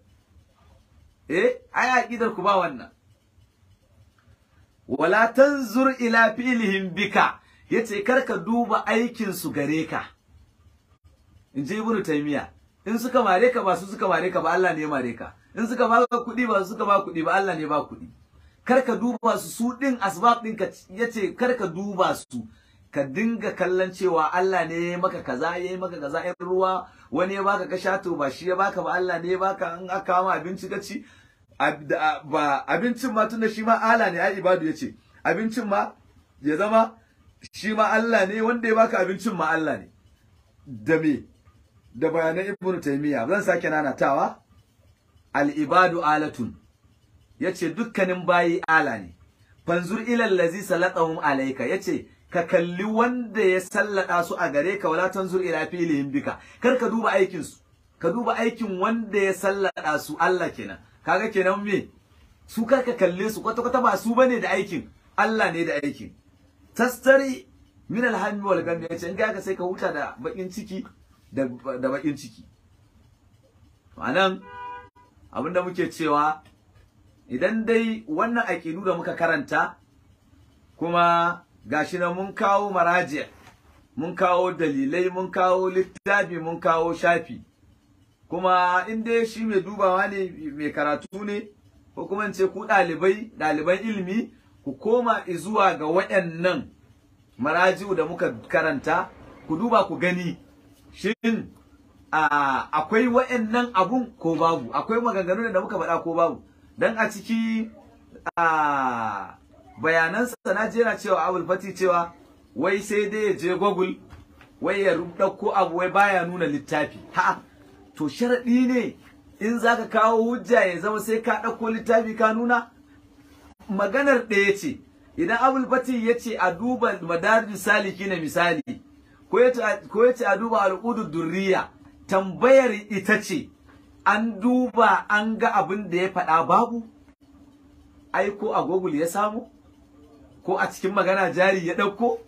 eh ai aqidar ku ba wannan wala tanzur ila fi'lihim bika yace karka duba aikin su gare ka inji ibnu taymiya in suka mare ka ba su suka mare ka ba Allah ne mare ka in suka ba ka kudi ba su suka ba kudi ba Allah ne ba kudi karka duba su su din asbab din ka yace karka duba su ka dinga kallon cewa Allah ne maka kaza yayi maka kaza ɗin ruwa wani ya baka ka sha to ba shi ya baka ba Allah ne ya baka in aka ma abinci ka ci ba abincin ma tunda shi ma Allah ne ya ibadu yace abincin ma ya zama shi ma Allah ne wanda ya baka abincin ma Allah ne da me da bayanan Ibn Taymiyyah zan sake nanatawa al ibadu alatun yace dukkanin bayi ala ne fanzur ilal ladzi salatahum alayka yace ka kalli wanda ya sallada su a gare ka wala tanzur ila filihim bika kar ka duba aikin su ka duba aikin wanda ya sallada su Allah kenan kaga kenan me su kar ka kalle su kwata kwata ba su bane da aikin Allah ne da aikin tastari min alhammi wal gammi yace in ga sai ka huta da bakin ciki da da bakin ciki ma'anan abinda muke cewa idan dai wannan aƙidu da muka karanta kuma gashi nan mun kawo maraji mun kawo dalilai mun kawo littafi mun kawo shafi kuma in dai shi mai dubawa ne mai karatu ne ko kuma ce ku dalibai daliban ilimi ku koma zuwa ga waɗannan maraji'u da muka karanta ku duba ku gani shin akwai waɗannan abun ko babu akwai maganganun da muka faɗa ko babu dan a ciki bayanansa na jera cewa abul fati cewa wai sai dai ya je google wai ya ɗauko abu wai baya nuna littafi ha to sharaɗi ne in zaka kawo hujja ya zama sai ka ɗauko littafi ka nuna maganar ɗaya ce idan abul fati ya ce a duba madarijus saliki na misali ko ya ce a duba al'udu durriya tambayar ita ce an duba an ga abin da ya faɗa babu Aiko a google ya samu ko a cikin magana jari ya ɗauko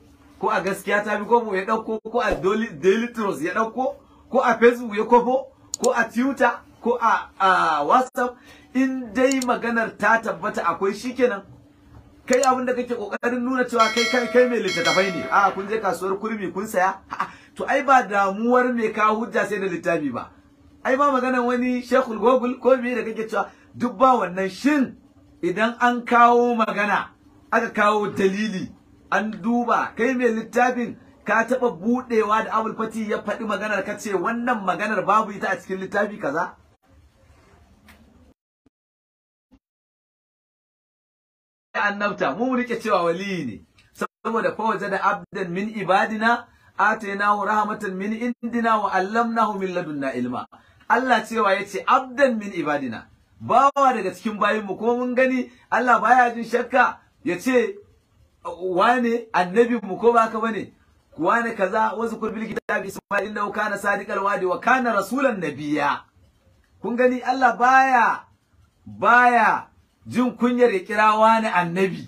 ko a gaskiya ta bi kobo ya ɗauko ko a daily trust ya ɗauko ko a facebook ya kobo, ko a twitter ko a, whatsapp in dai maganar ta tabbata akwai shikenan kai abin da kake kokarin nuna cewa kai kai kai mai littattafai ne a kun je kasuwar kurmi kun saya to ai ba damuwar mai kawo hujja sai da littafi ba ai ba maganar wani shekul gogul ko me da kake cewa duk ba wannan shin idan an kawo magana aka kawo dalili an duba kai mai littafin ka taɓa buɗewa da abul fati ya faɗi maganar ka ce wannan maganar babu ita a cikin littafi kaza annabta mu rike cewa wali ne saboda fa da abdan min ibadina atainahu rahmatan min indina wa allamnahu min ladunna ilma Allah cewa yace abdan min ibadina bawa daga cikin bayin mu ko mun gani Allah baya jin shakka ya ce wane annabi mu ko baka bane wane kaza wasu kurbil kitabi isma'il innahu kana sadiqal wadi wa kana rasulan nabiyya kun gani Allah baya baya jin kunyar ya kira wani annabi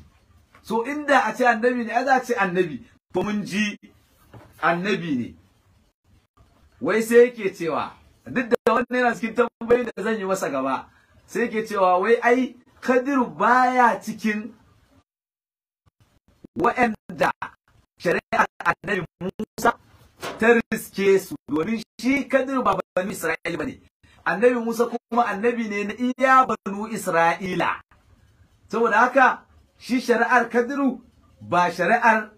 so inda a ce annabi ne za a ce annabi to mun ji annabi ne wai sai yake cewa duk da wannan yana cikin tambayoyin da zan yi masa gaba sai yake cewa wai ai kadiru baya cikin waɗanda shari'ar annabi Musa ta riske su domin shi kadir ba banu Isra'ila bane annabi Musa kuma annabi ne na iya banu Isra'ila saboda haka shi shari'ar kadiru ba shari'ar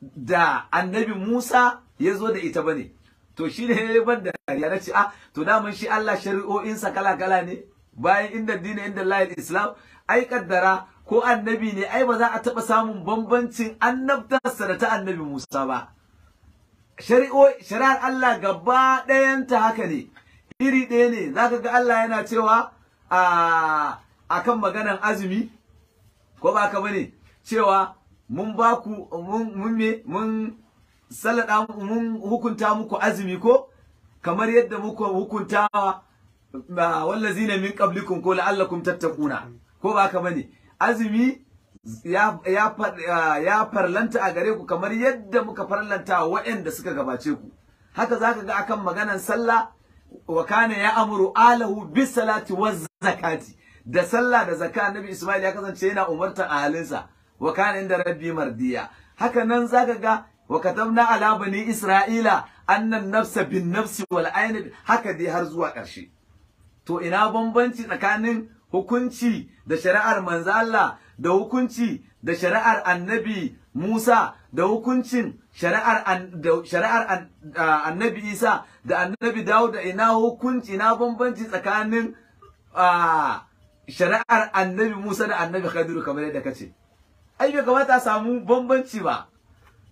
da annabi Musa ya zo da ita bane to shi ne ban da dariya na ce ah to daman shi Allah shari'o'insa kala kala ne bayan inda dina inda lahil islam ai kaddara ko annabi ne ai ba za a taɓa samun bambancin annabtarsa da ta annabi Musa ba shari'ar Allah gaba ɗayanta haka ne iri ɗaya ne Za ka ga Allah yana cewa a akan maganan azumi ko ba ka bane cewa mun ba ku mun me mun salada mun hukunta muku azumi ko kamar yadda muku hukunta wallazina min qablikum ko la'allakum tattaquna ko ba ka bane azumi ya ya farlanta a gare ku kamar yadda muka farlanta waɗanda suka gabace ku haka zaka ga akan maganan sallah wa kana ya amuru alahu bis salati waz zakati da sallah da zakka annabi Ismail ya kasance yana umarta ahalinsa wa kana inda rabbi mardiya haka nan zaka ga wa katabna ala bani isra'ila annan nafsa bin nafsi wal ayn haka dai har zuwa ƙarshe to ina bambanci tsakanin hukunci da shari'ar manzo Allah da hukunci da shari'ar annabi Musa da hukuncin shari'ar shari'ar annabi Isa da annabi Dawud da ina hukunci na bambanci tsakanin shari'ar annabi Musa da annabi Khadiru kamar yadda kace ai bai kamata a samu bambanci ba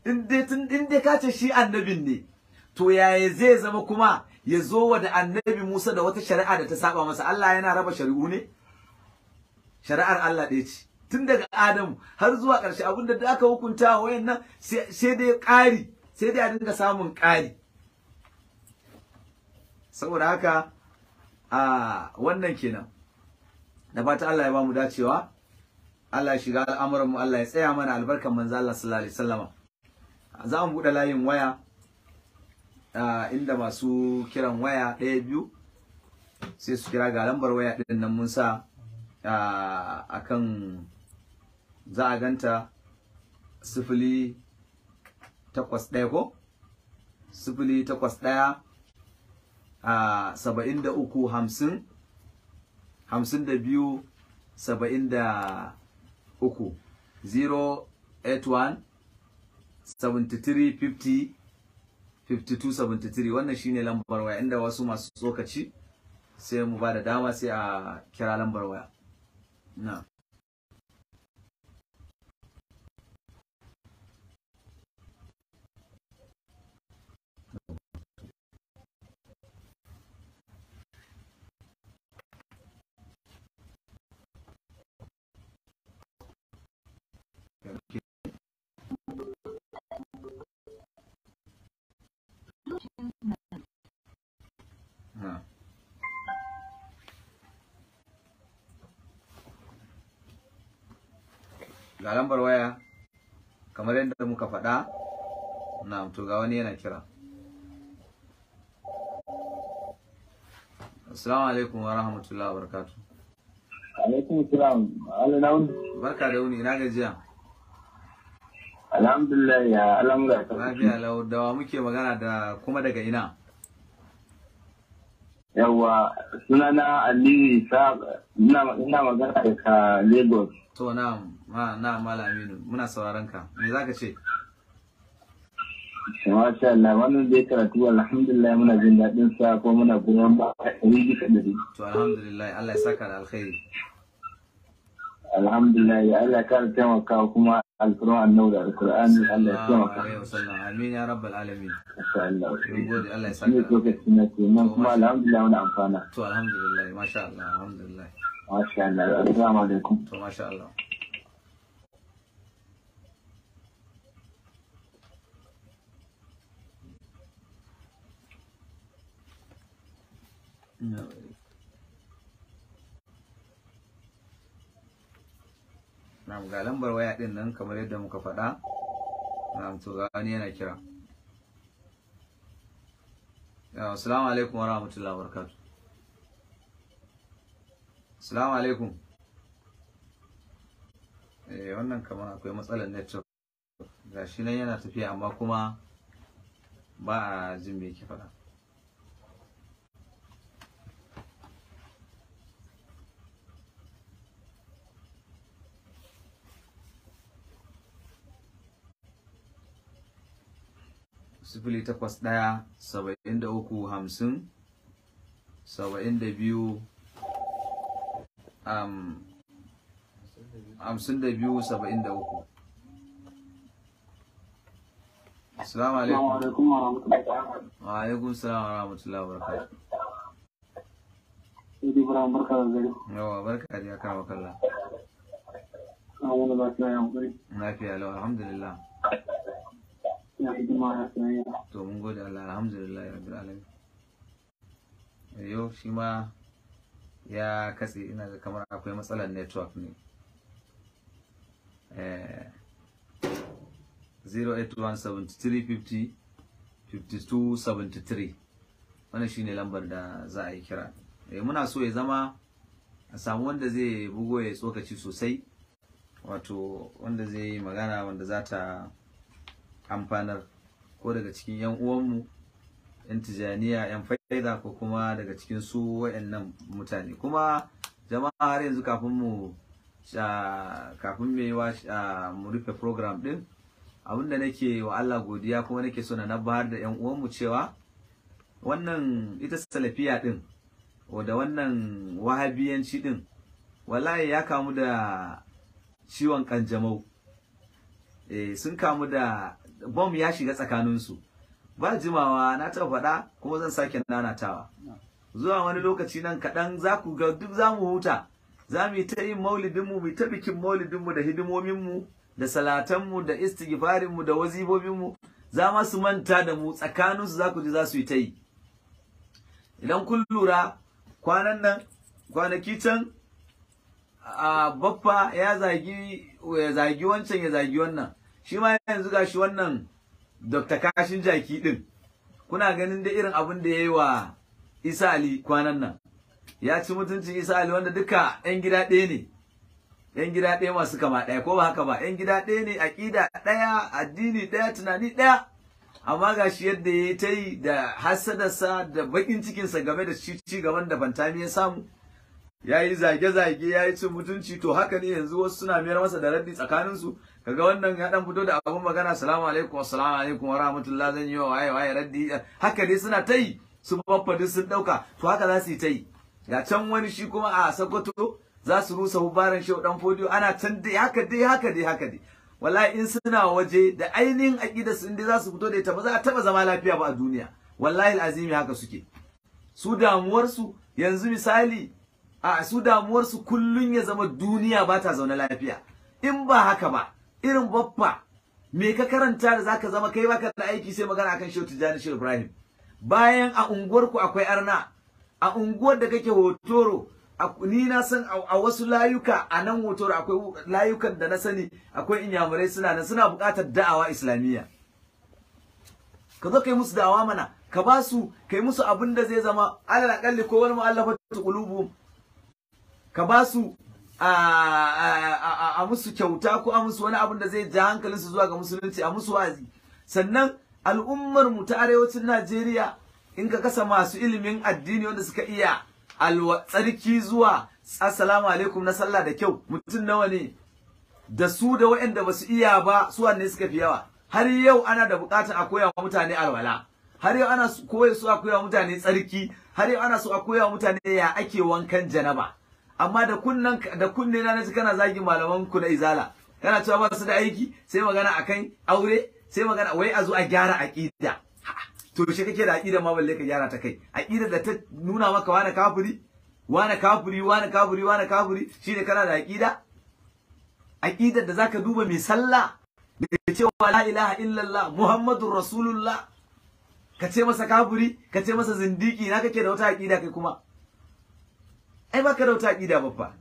in dai tun din dai kace shi annabin ne to yaya zai zama kuma ya zo wa da annabi Musa da wata shari'a da ta saba masa Allah yana raba shari'u ne shari'ar Allah ɗaya ce tun daga Adamu har zuwa ƙarshe abinda da aka hukunta wayannan sai dai ƙari sai dai a dinga samun ƙari saboda haka a wannan kenan da fata Allah ya ba mu dacewa Allah ya shiga al'amuran mu Allah ya tsaya mana albarkan manzo Allah sallallahu alaihi wasallama za mu buɗe layin waya inda masu kiran waya ɗaya biyu sai su kira ga lambar waya ɗin nan mun sa a kan za a ganta sifili takwas ɗaya ko sifili takwas ɗaya a saba'in da uku hamsin hamsin da biyu saba'in da uku 081 73 50 52 73 wannan shine lambar waya inda wasu masu tsokaci sai mu ba da dama sai a kira lambar waya No. ga lambar waya kamar yadda muka faɗa na to ga wani yana kira assalamu alaikum wa rahmatullahi wa barakatuh alaikum salam alaikum barka da wuni na gajiya alhamdulillah ya alhamdulillah lafiya lau da muke magana da kuma daga ina yawa sunana aliyu isa ina magana daga lagos to na'am ma na malaminu muna sauraron ka me zaka ce Masha Allah wannan dai karatu alhamdulillah muna jin daɗin sa ko muna goyon ba a ɗari To alhamdulillah Allah ya saka da alkhairi. Alhamdulillah ya Allah ya kara taimaka kuma alfuran annabi da alkur'ani Allah ya taimaka. Amin ya rabbal alamin. Masha Allah. Mun gode Allah ya saka. Ni ko kace na ce mun kuma alhamdulillah muna amfana. To alhamdulillah masha Allah alhamdulillah. Masha Allah assalamu alaikum. To masha Allah. No. Na ga lambar waya din nan kamar yadda muka faɗa. Na to ga wani yana kira. Assalamu alaikum wa rahmatullahi wa barakatuh. Assalamu alaikum. Eh wannan kamar akwai matsalar network. Gashi nan yana tafiya amma kuma ba a jin me yake faɗa. sifili takwas ɗaya saba'in da uku hamsin saba'in da biyu hamsin da biyu saba'in da uku Assalamu alaikum. Wa alaikum salam wa rahmatullahi wa barakatuh. Idi Ibrahim barka da gari. Yawa barka da aka wakalla. Amma da lafiya yankuri. Lafiya lau alhamdulillah. suna hidima na sanayya to mun gode Allah alhamdulillah rabbil alamin yau shi ma ya katse ina ga kamar akwai matsalar network ne 0817350 eh, wannan shine lambar da za a yi kira eh, muna so ya zama a samu wanda zai bugo ya tsokaci sosai wato wanda zai yi magana wanda za ta amfanar ko daga cikin yan uwanmu yan tijaniya yan faida ko kuma daga cikin su wayannan mutane kuma jama'a har yanzu kafin mu kafin mai wa mu rufe program din abinda nake wa Allah godiya kuma nake so na nabbar da yan uwanmu cewa wannan ita salafiya din ko da wannan wahabiyanci din wallahi ya kamu da ciwon kanjamau eh sun kamu da bom ya shiga tsakaninsu ba jimawa na taɓa faɗa kuma zan sake nanatawa zuwa wani lokaci nan kaɗan za ku ga duk za mu huta za mu yi ta yin maulidinmu mu ta bikin maulidinmu da hidimominmu da salatanmu da istighfarinmu da wazibobinmu za ma su manta da mu tsakaninsu za ku ji za su yi ta yi idan kun lura kwanan nan kwanaki can a baffa ya zagi wancan ya zagi wannan shi ma yanzu ga shi wannan Dr. Kashin Jaki din kuna ganin da irin abin da ya yi wa Isa Ali kwanan nan ya ci mutuncin Isa Ali wanda duka yan gida ɗaya ne yan gida ɗaya masu kama ɗaya ko ba haka ba yan gida ɗaya ne aƙida ɗaya addini ɗaya tunani ɗaya amma ga shi yadda ya ta yi da hasadarsa da baƙin cikinsa game da ci gaban da Fantami ya samu ya yi zage-zage ya yi cin mutunci to haka ne yanzu wasu suna mayar masa da raddi tsakaninsu kaga wannan ya dan fito da abun magana assalamu alaikum assalamu alaikum wa rahmatullah zan yi waye waye raddi haka dai suna ta yi su babba duk sun dauka to haka za su yi ta yi ga can wani shi kuma a Sokoto za su rusa hubaran shi dan fodiyo ana can dai haka dai haka dai haka dai wallahi in suna waje da ainihin aqida sun dai za su fito da ita ba za a taba zama lafiya ba a duniya wallahi alazimi haka suke su damuwar su yanzu misali a su damuwar su kullun ya zama duniya ba ta zaune lafiya in ba haka ba irin baffa me ka karanta da zaka zama kai baka da aiki sai magana akan Shehu Tijani Shehu Ibrahim bayan a unguwarku akwai arna a unguwar da kake hotoro ni na san a wasu layuka a nan hotoro akwai layukan da na sani akwai inyamurai suna nan suna buƙatar da'awa islamiyya ka zo kai musu da'awa mana ka ba su kai musu abin da zai zama alal akalli ko wani mu'allafatu qulubu ka ba su a musu kyauta ko a musu wani abin da zai ja hankalinsu zuwa ga musulunci a musu wazi sannan al'ummar mu ta arewacin Najeriya in ka kasa masu ilimin addini wanda suka iya tsarki zuwa assalamu alaikum na sallah da kyau mutum nawa ne da su da waɗanda ba su iya ba su wanne suka fi yawa har yau ana da buƙatar a koya wa mutane alwala har yau ana koya su a koya mutane tsarki har yau ana so a koya mutane ya ake wankan janaba amma da kunnan da kunne na naji kana zagi malaman ku na izala kana cewa ba su da aiki sai magana akan aure sai magana wai a zo a gyara aqida to shi kake da aqida ma balle ka gyara ta kai aqida da ta nuna maka wani kafiri wani kafiri wani kafiri wani kafiri shine kana da aqida aqida da zaka duba mai sallah da cewa la ilaha illallah muhammadur rasulullah ka ce masa kafiri ka ce masa zindiki na kake da wata aqida kai kuma ai baka da wata aqida babba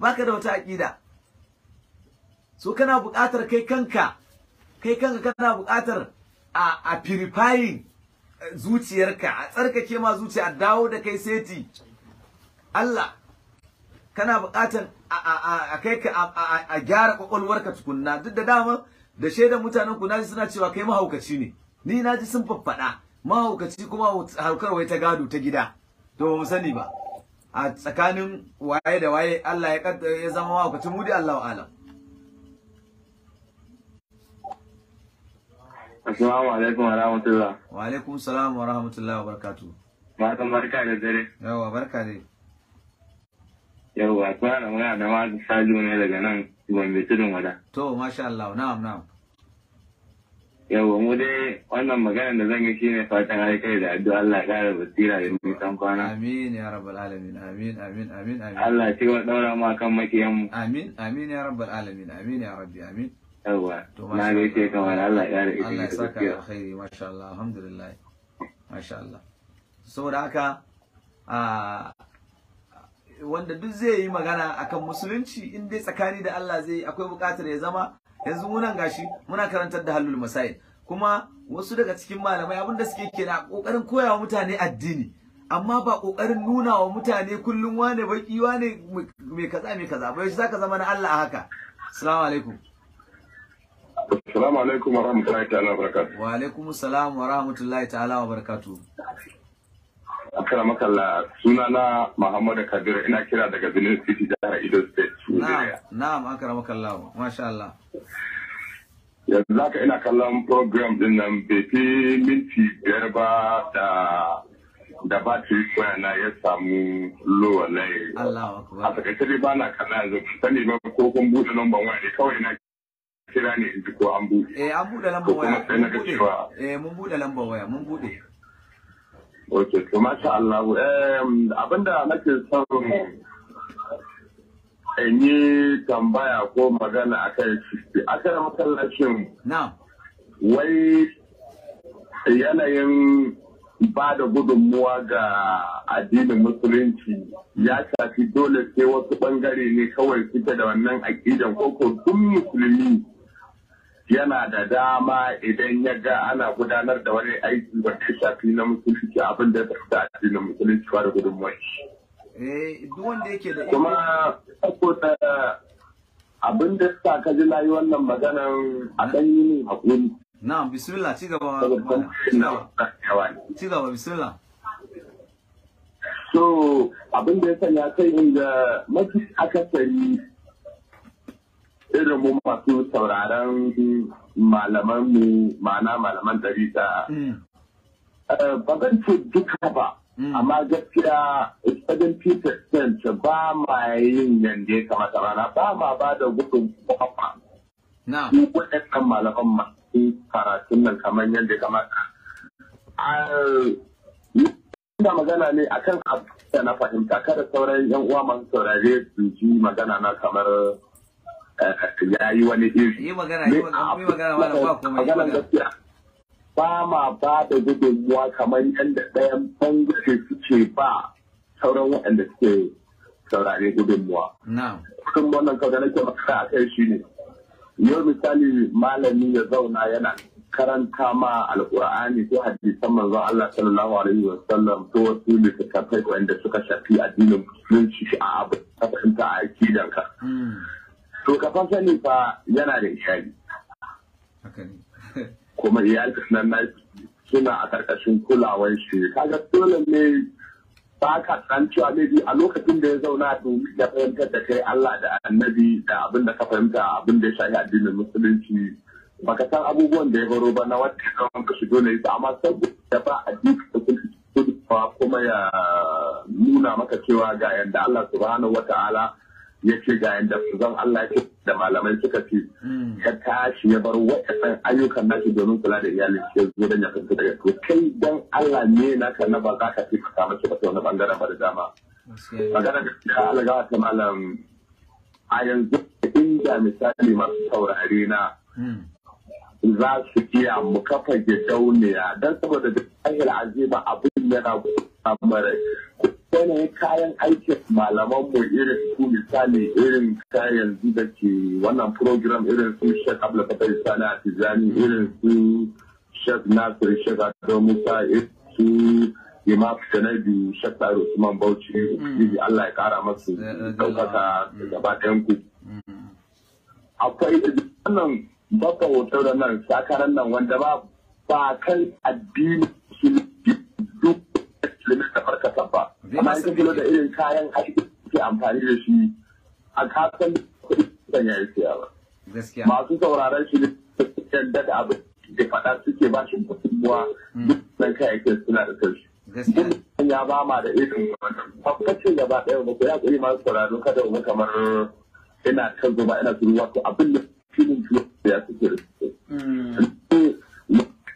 baka da wata aqida so kana buƙatar kai kanka kai kanka kana buƙatar a a purifying eh, zuciyarka a tsarkake ma zuciya a dawo da kai seti Allah kana buƙatar a kai ka a gyara kwakwalwarka tukunna duk da dama da shaidar mutanen ku naji suna cewa kai mahaukaci ne ni naji sun faffada mahaukaci kuma haukar wai ta gado ta gida to mu sani ba a tsakanin waye da waye Allah ya kaddara ya zama wa ku mudi Allahu alam Assalamu alaikum wa rahmatullah. Wa alaikum salam wa rahmatullah wa barakatuh. ta barka da dare. Yawa barka dai. Yawa na da ga da Malam Sajo ne daga nan Gombe Tudun Wada. To masha Allah na'am na'am. yau mu dai wannan magana da zan yi ne fatan alkai da addu'a Allah ya kara basira da nisan kwana amin ya rabbal alamin amin amin amin amin Allah ce wa daura ma kan makiyan mu amin amin ya rabbal alamin amin ya rabbi amin yawa na gaishe kamar Allah ya kara ita Allah ya saka alkhairi masha Allah alhamdulillah masha Allah saboda haka a wanda duk zai yi magana akan musulunci in dai tsakani da Allah zai akwai bukatar ya zama yanzu munan gashi muna karantar da halul masail kuma wasu daga cikin malamai abinda suke kira kokarin koya wa mutane addini amma ba kokarin nuna wa mutane kullun wane baki wane mai kaza mai kaza ba yaushe zaka zama na Allah a haka assalamu alaikum assalamu alaikum wa rahmatullahi ta'ala wa barakatuh wa alaikum assalam wa rahmatullahi ta'ala wa barakatuh akramakallah sunana Muhammadu Kabir ina kira daga Benin City jihar Edo State Na'am na'am akramakallah masha Allah yanzu za ka ina kallon program din nan bai fi minti biyar ba da da ba ta batiri na ya samu lowa na yi A takaice dai ba na kana yanzu ta ba ko kun buɗe lambar waya ne kawai na kira ne in ji ko an buɗe. Eh an buɗe lambar waya. mun kuma Eh mun buɗe lambar waya mun buɗe. Ok to masha Allah eh, abinda nake son in yi tambaya ko magana akan shi kan masallacin wai yanayin ba da gudunmuwa ga addinin musulunci ya shafi dole sai wasu bangare ne kawai fita da wannan aƙidan koko duk musulmi yana da dama idan ya ga ana gudanar da wani aiki wanda shafi na musulunci abin da ya shafi addinin musulunci ba da gudunmuwa shi. eh duk wanda yake da kuma saboda abin da sa ka ji na yi wannan maganan a kan yi ne hakuri na'am bismillah ci gaba ci gaba bismillah so abin da ya sanya kai inda mafi akasari irin mu masu sauraron malaman mu ma'ana malaman ɗarita mm. eh, ba zan ce duka ba mm. amma gaskiya 70% ba ma yin yanda ya kamata rana ba ma ba da gudun kwakwa. Na. Su waɗannan malaman masu karatun nan kamar yadda ya kamata. Ina magana ne akan abu da na fahimta kada sauran yan uwa masu saurare su ji magana na kamar eh, ya yi wani iri. Yi magana, yi magana, ba ma ba da gudunmuwa kamar yadda ɗayan bangare suke ba sauran waɗanda suke saurare gudunmuwa. Kusan wannan kauda nake maka a kai shi ne. Yau misali malami ya zauna yana karanta ma alƙur'ani ko hadisan manzon Allah sallallahu alaihi wa sallam ko wasu littattafai wanda suka shafi addinin musulunci a abu ka fahimta a ka. Hmm. To ka fa sani fa yana da iyali. Kuma iyalin nan suna a ƙarƙashin kulawar shi. Kaga dole ne ba ka san cewa maybe a lokacin da ya zauna domin ya fahimtar da kai Allah da annabi da abin da ka fahimta abin da ya shafi addinin musulunci baka san abubuwan da ya baro ba na wata kan ka shigo na yasa amma saboda ba a duk kuma ya nuna maka cewa ga yadda Allah subhanahu wa ta'ala ya ce ga yadda zan Allah ya ce da malamai suka ce hmm. ya tashi ya bar waɗannan ayyukan nashi domin kula da iyalin shi ya zo don ya fita daga to kai dan Allah ne na ka na ba za ka taimaka mace ba ta wani bangare ba da dama magana gaskiya algawa ta malam a yanzu inda misali masu saurari na hmm. za su iya mu kafa gidauniya don saboda da ahil azima abin yana mara yanayin kayan aikin mu irin su misali irin kayan yanzu da ke wannan program irin su shek abdulkatar sani a irin su shek nasir shek adamu musa su imam sanadi shek tsari usman bauchi mm. ubangiji allah ya kara masu eh, eh, eh, ɗaukaka gaba ɗayan ku mm. akwai wannan bakwai hoto da nan sakarar nan wanda ba ba kan addini amma ita kula da irin kayan aiki ke amfani da shi a kasan kuɗin ya yi siya ba. Masu sauraron shi ne yadda da abin da faɗa suke ba shi kusurwa hmm. duk na kayayyakin suna da kansu. Gaskiya. ya ba ma da irin tabbacin gaba ɗaya ba ko ya ƙuri masu sauraro kada ba kamar ina kan zuba ina turuwa to abin da filin tuwa ya suke hmm. da su.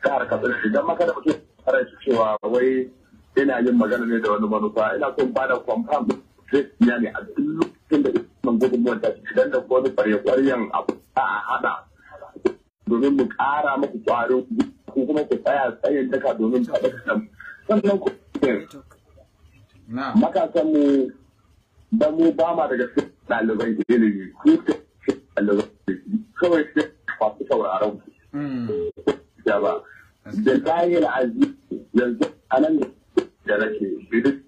Ka harkar idan maka da mutum fara cewa wai ina yin magana ne da wani manufa ina son ba da kwamfam ya ne a duk lokacin da isman gudun ta idan da wani kwarye kwaryan abu a hada domin mu kara muku kwarin ko kuma ku tsaya tsayin daka domin ta daka nan sannan ku matasan mu da mu ba ma daga ɗaliban ilimi ku ta ɗaliban kawai sai kwafi sauraron ku da hmm. ba da zahir aziz yanzu a nan da ya dace bidik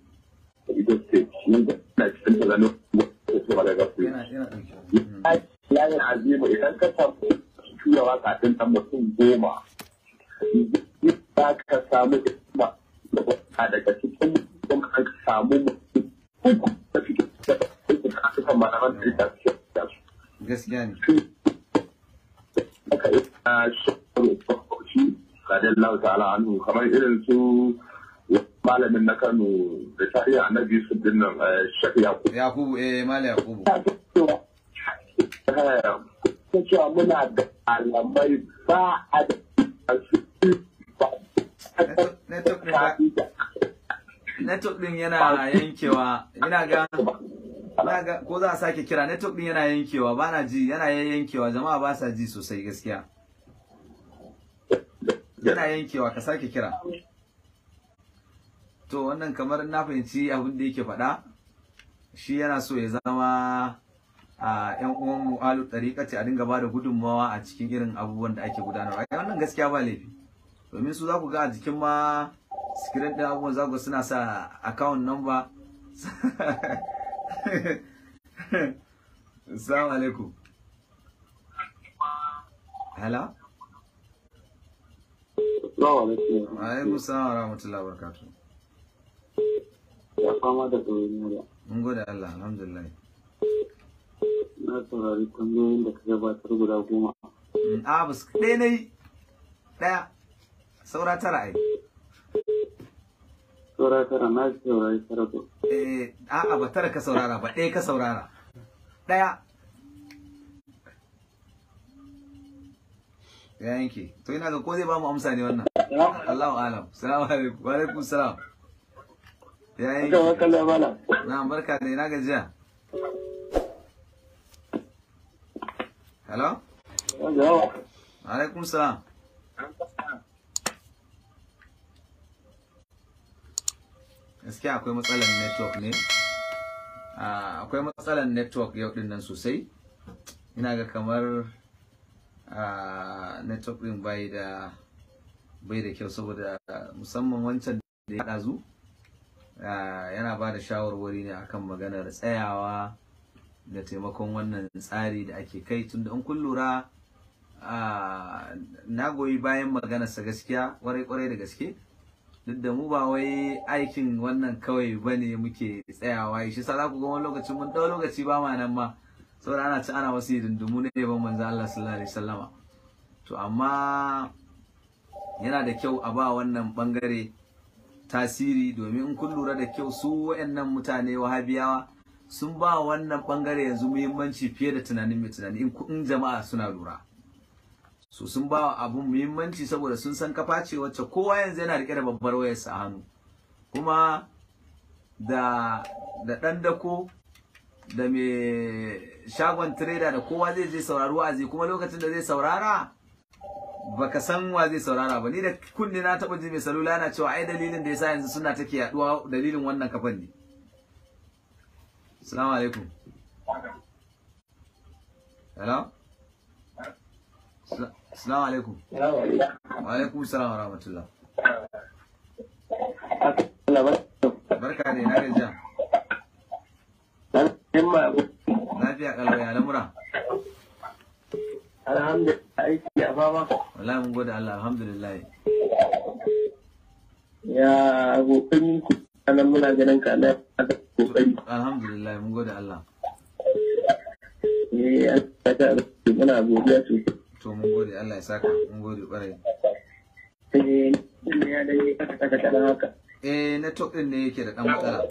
da ido state nan da na cikin ta zanen wasu ba da gafi ya yi azima idan ka samu tura waka din mutum goma ya ka samu hikima da daga cikin mutum ka samu mutum uku da cikin da ka suka malaman da ya fi gaskiya ne a shi ga dan lau kamar irin su malamin na Kano da tarihi annabi su dinnan eh, Shafi Yakubu. Yakubu eh Malam Yakubu. Ta cewa muna da alamai ba a da Network din yana yankewa ina ga ina ga ko za a sake kira network din yana yankewa bana ji yana yankewa jama'a ba sa ji sosai gaskiya yana yankewa ka sake kira to wannan kamar na fahimci abin da yake faɗa shi yana so ya zama a yan uwan mu alu ce a dinga bada gudunmawa a cikin irin abubuwan da ake gudanarwa a wannan gaskiya ba laifi domin su za ku ga a jikin ma sikirin ɗin abubuwan za ku suna sa account number Assalamu alaikum. Hello? Assalamu alaikum. Wa alaikum assalam wa rahmatullahi wa barakatuh. ya fama da ɗoyin Mun gode Allah, alhamdulillah. Na saurari tambayoyin da ka gabatar guda goma. Mm, a bus ɗaya na yi ɗaya saura tara ai. Saura tara na saurari tara ko. Eh a'a ba tara ka saurara ba ɗaya ka saurara. Ɗaya. Ya yanke. To ina ga ko zai ba mu amsa ne wannan. Allahu alam. Salamu alaikum. Wa alaikum salam. yayi ga kallon na barka da ina gajiya hello alaikum salam gaskiya akwai matsalar network ne ah, akwai matsalar network yau din nan sosai ina ga kamar ah, network din bai da bai da kyau saboda musamman wancan da ya dazu Ah, yana ba da shawarwari ne akan maganar tsayawa da taimakon wannan tsari da ake kai tunda in kun lura ah, na goyi bayan maganarsa gaskiya kwarai kwarai da gaske duk da mu ba wai aikin wannan kawai bane muke tsayawa shi sa za ku ga wani lokacin mun ɗau lokaci ba ma nan ma saboda ana ci ana wasu dindumu ne ban manzo Allah sallallahu alaihi wasallama to amma yana da kyau a ba wannan bangare tasiri domin in kun lura da kyau su wayannan mutane wahabiyawa sun ba wannan bangare yanzu muhimmanci fiye da tunanin mai tunani in jama'a suna lura Su sun ba abun muhimmanci saboda sun san kafa ce wacce kowa yanzu yana rike da babbar wayarsa a hannu kuma da da dan dako da mai shagon trader da kowa zai je saurari wa'azi kuma lokacin da zai saurara baka san wa zai saurara ba ni da kunni na taba ji mai salula na cewa ai dalilin da yasa yanzu suna take yaduwa dalilin wannan kafan ne assalamu alaikum hello assalamu alaikum wa alaikum assalam wa rahmatullah barka ne na gajiya lafiya kalwa ya lamura Alhamdulillah aiki a fama. Wallahi mun gode Allah alhamdulillah. Ya kokarin ku nan muna ganin ka na kokari. Alhamdulillah mun gode Allah. Eh Allah ta muna godiya to. To mun gode Allah ya saka mun gode kwarai. Eh ya dai ka ka ka haka. Eh network din ne yake da dan matsala.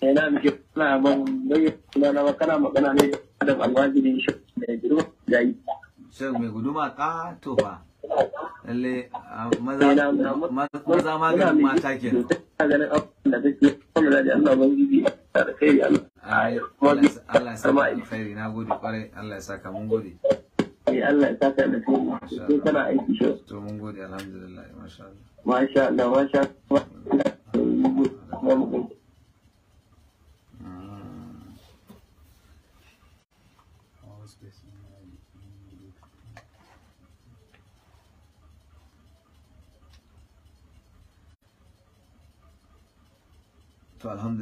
yana da suna ban bayyana suna na makana magana ne da alwajiri shi mai guduma da yi shan mai guduma ka to fa lalle eh, maza maganin mata ke abubuwan da take kuma da Allah ban da alkhairi Allah ya saka alkhairi na gode kwarai Allah ya saka mun gode eh, Allah ya saka da kana aiki shi to mun gode alhamdulillah masha Allah masha Allah masha Allah to mun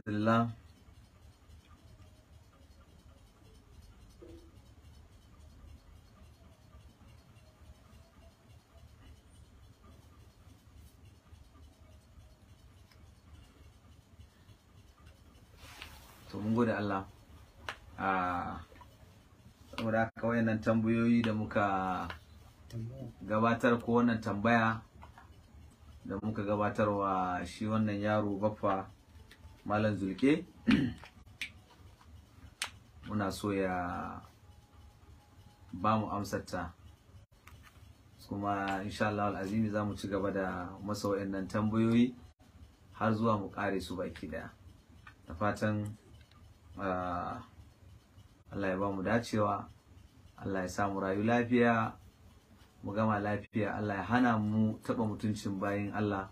gode Allah a ah, saboda haka wayannan tambayoyi da muka gabatar ko wannan tambaya da muka gabatar wa shi wannan yaro baffa malam zulke muna so ya ba mu amsarta kuma insha Allah al'azimi za mu ci gaba da masa waɗannan tambayoyi har zuwa mu kare su baki daya da fatan Allah ya ba mu dacewa Allah ya mu rayu lafiya mu gama lafiya Allah ya hana mu taɓa mutuncin bayin Allah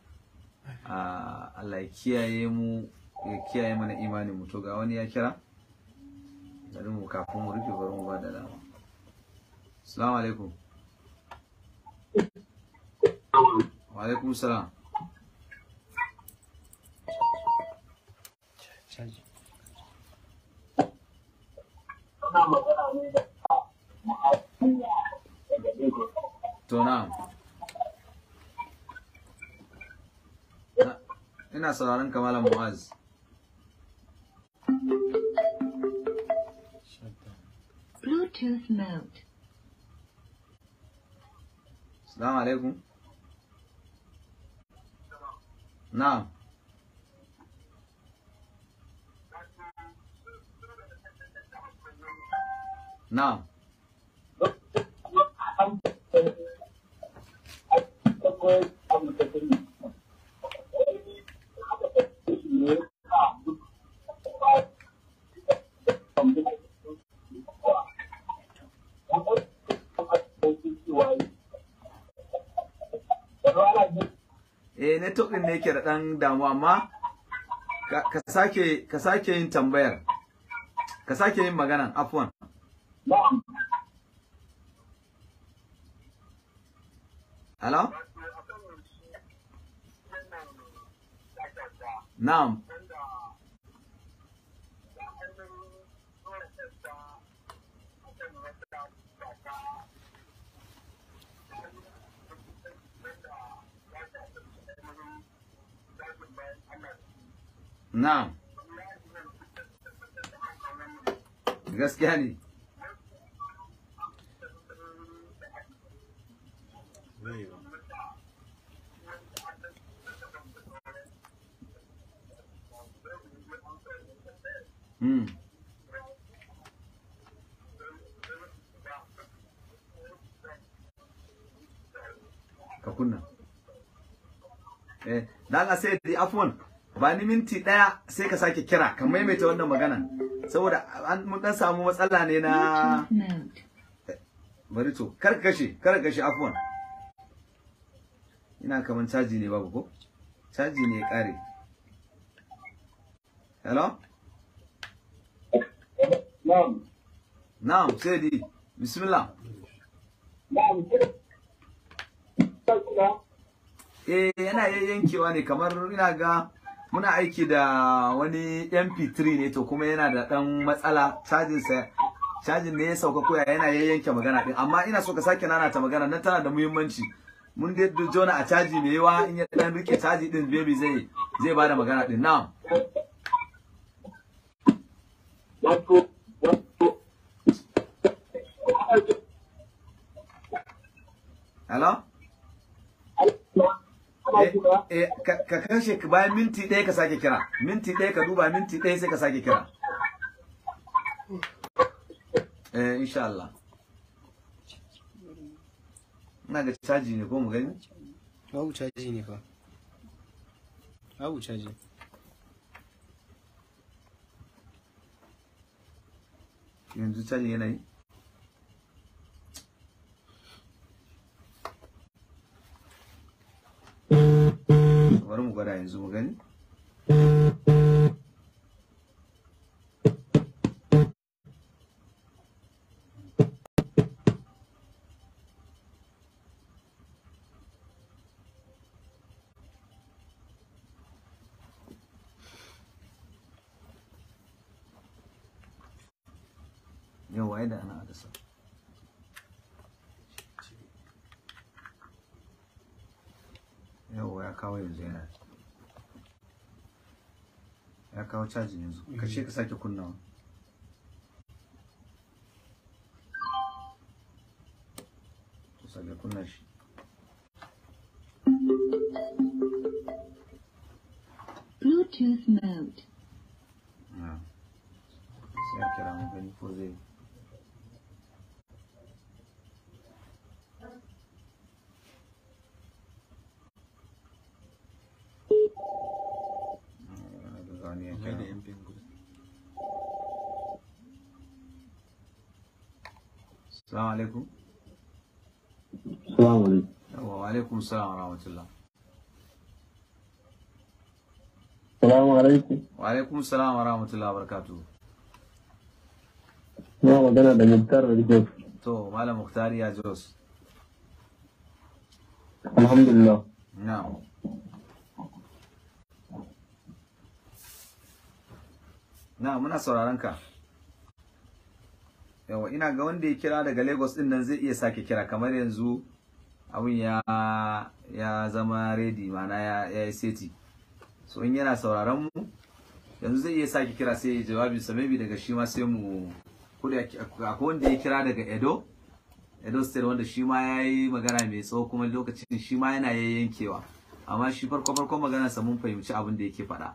Allah ya kiyaye mu ya kiyaye mana imanin mu to ga wani ya kira bari mu kafin mu rufe bari mu ba da dama assalamu alaikum wa alaikum salam To na ina sauraron kamalan Mu'az. Bluetooth mode. Assalamu alaikum. Now. Now. eh network din ne yake da dan damuwa amma ka sake ka sake yin tambayar ka sake yin magana afwan hello na'am نعم غسكاني امم كنا ايه ده سيدي عفوا ba ni minti daya sai ka sake kira ka maimaita wannan magana saboda an mun dan samu matsala ne na bari to kar ka kashe kar ka kashe afwan ina kaman caji ne babu ko caji ne ya kare hello na'am na'am sai di bismillah na'am eh yana yankewa ne kamar ina ga muna aiki da wani mp3 ne to kuma yana da dan matsala cajin sa cajin ne ya sauka koya yana yayyanke magana din amma ina so ka sake nanata magana nan tana da muhimmanci mun dai jona a caji mai yawa in ya dan rike caji din baby zai zai bada magana din na'am hello Eh, eh, ka kashe bayan minti ɗaya ka sake kira minti ɗaya ka duba minti ɗaya sai ka sake kira eh insha Allah ina ga caji ne ko mu gani babu caji ne fa babu caji yanzu caji yana yi bari mu gwada yanzu mu gani kawo yanzu yana ya kawo cajin yanzu ka ce ka sake kunnawa Bluetooth mode. Ah. Sai a kira mu gani ko zai السلام عليكم السلام عليكم وعليكم السلام ورحمة الله السلام عليكم وعليكم السلام ورحمة الله وبركاته ما مدنا ده مختار الجوز تو مالا مختار يا جوز الحمد لله نعم نعم منا عنك yawa ina ga wanda ya kira daga Lagos din nan zai iya sake kira kamar yanzu abin ya ya zama ready mana ya ya yi seti so in yana sauraron mu yanzu zai iya sake kira sai jawabin sa maybe daga shi ma sai mu kudi akwai wanda ya kira daga Edo Edo State wanda shi ma ya yi magana mai tsawo kuma lokacin shi ma yana yayyankewa amma shi farko magana sa mun fahimci abin da yake faɗa.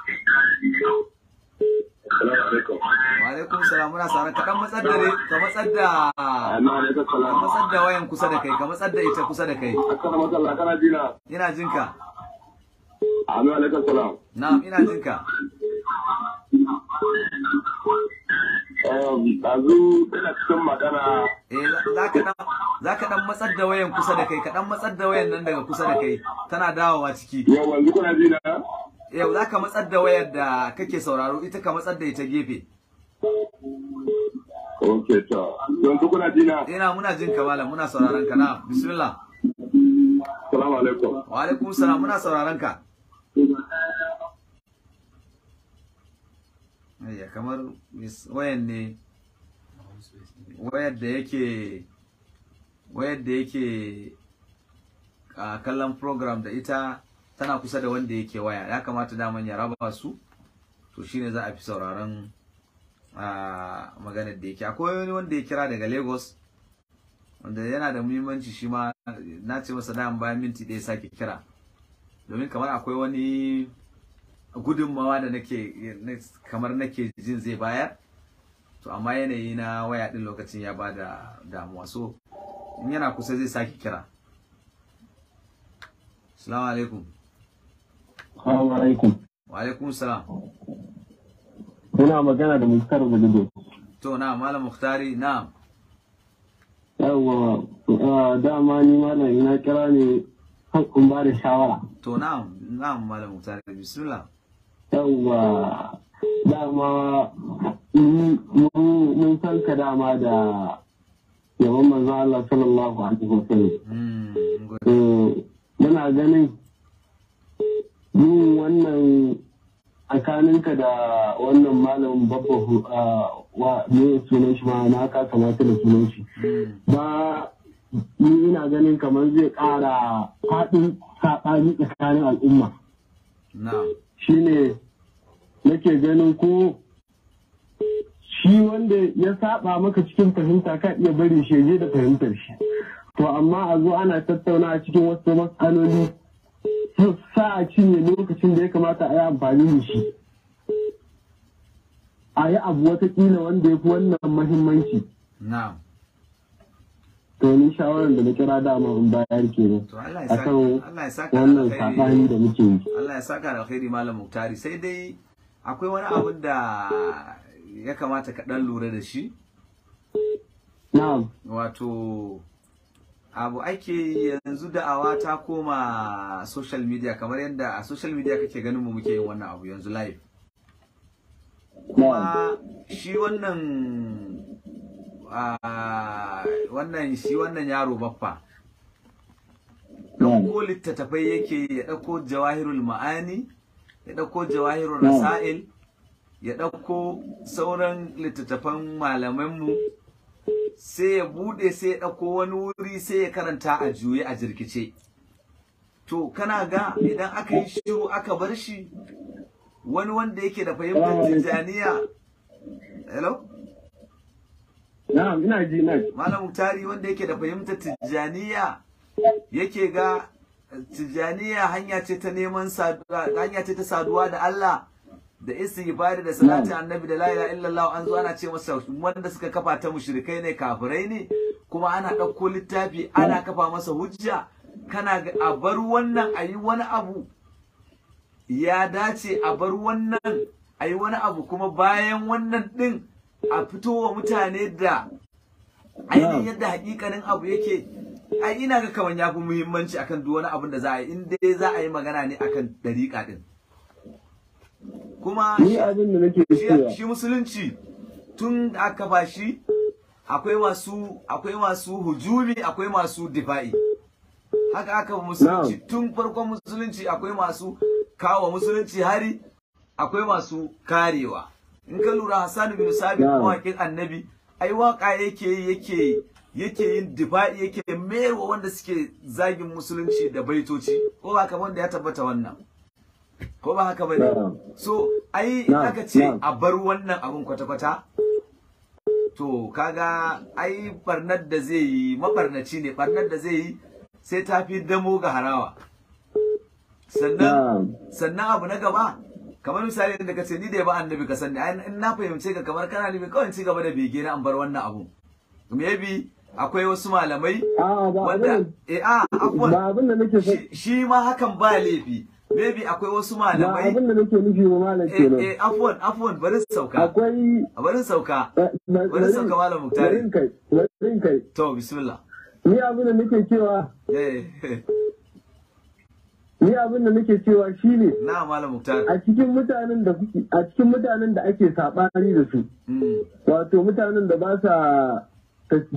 alaikum salam muna sare ka dan matsar da ka matsar da ka matsar da wayan kusa da kai ka matsar da ita kusa da kai ina jinka ka amin alaikum salam na'am ina jin um, Dazu kana cikin magana. Eh, za ka dan matsar da wayan kusa da kai ka dan matsar da wayan nan daga kusa da kai tana dawowa ciki. Yau yanzu kuna ji na? Yau za ka matsar da wayar da kake sauraro ita ka matsar da ita gefe. ok eh, jin ka malam muna na bismillah alaikum wa alaikum salam wayar da yake wayar kallon program da ita tana kusa da wanda yake waya ya kamata daman ya raba su to shine za a fi sauraron a maganar da yake akwai wani wanda ya kira daga Lagos wanda yana da muhimmanci shi ma na ce masa da bayan minti ɗaya sake kira domin kamar akwai wani gudunmawa da nake kamar nake jin zai bayar to amma yanayi na waya ɗin lokacin ya ba da damuwa so in yana kusa zai sake kira salamu alaikum wa alaikum salam Muna magana da Muktar Zagido. To na Malam Muktari na. Yawwa dama ni malam ina kira ne kan kun ba da shawara. To na na Malam Muktari bismillah. Yawwa dama mun san ka dama da yawan manzo Allah sallallahu alaihi wa wasallam. Hmm, eh, muna ganin yin wannan tsakaninka da wannan malamin babba wa ne sunan shi ma na ka kamata da sunan shi hmm. ba ni ina ganin kamar zai ƙara faɗin saɓani tsakanin al'umma shi ne nake ganin ko shi wanda ya saba maka cikin fahimta ka iya bari shi da fahimtar shi to amma a zo ana tattauna cikin wasu matsaloli sa a cinye lokacin da ya kamata a yi amfani da shi a yi abu watakila wanda ya fi wannan mahimmanci to ni shawarar da na kira dama in bayar ke ne a kan wannan saɓani da muke yi Allah ya saka da khairi malam muktari sai dai akwai wani abin da ya kamata ka ɗan lura da shi na'am wato abu ake yanzu da'awa ta koma social media kamar yadda a social media kake ganin mu muke yin wannan abu yanzu live kuma shi wannan wannan shi wannan yaro baffa ɗauko littattafai yake ya ɗauko jawahirul ma'ani ya ɗauko jawahirul rasa'il ya ɗauko sauran littattafan malamanmu sai ya bude sai ya dauko wani wuri sai ya karanta a juye a jirkice to kana ga idan aka yi shiru aka bar shi wani wanda yake da fahimtar tijjaniya hello na'am ina ji na malam tari wanda yake da fahimtar tijaniya yake ga tijaniya hanya ce ta neman saduwa hanya ce ta saduwa da Allah da istighfari da salatin annabi da la ilaha illallah an zo ana ce masa wanda suka kafa ta mushrikai ne kafirai ne kuma ana ɗauko littafi ana kafa masa hujja kana a bar wannan a yi wani abu ya dace a bar wannan a yi wani abu kuma bayan wannan din a fito wa mutane da ainihin yadda hakikanin abu yake ai ina ga kaman ya fi muhimmanci akan duk wani abu da za a yi in dai za a yi magana ne akan dariƙa ɗin kuma shi musulunci tun da aka ba shi akwai masu akwai masu hujumi akwai masu difa'i haka aka musulunci tun farkon musulunci akwai masu kawo musulunci hari akwai masu karewa in ka lura hasanu bin Sabit mawaƙin annabi ai waka yake yake yake yin difa'i yake mayarwa wanda suke zagin musulunci da baitoci ko ba kamar da ya tabbata wannan ko ba haka bane so ai aka ce a bar wannan abun kwata-kwata to kaga ai barnar da zai yi mabarnaci ne barnar da zai yi sai ta fi damo ga harawa sannan sannan abu na gaba kamar misali da ka ce ni da ya ba annabi ka sani in na fahimce ka kamar kana nufi kawai ci gaba da bege na an bar wannan abun maybe akwai wasu malamai wanda eh a afwan shi ma hakan ba laifi maybe akwai wasu malamai abin da nake nufi ma malam eh, ke nan eh afwan afwan bari su sauka akwai bari su sauka eh, bari su sauka malam muktari bari kai bari kai to bismillah ni abin da nake cewa eh ni abin da nake cewa shine na malam muktari a cikin mutanen da kuke a cikin mutanen da ake sabani da su mm. wato mutanen da ba sa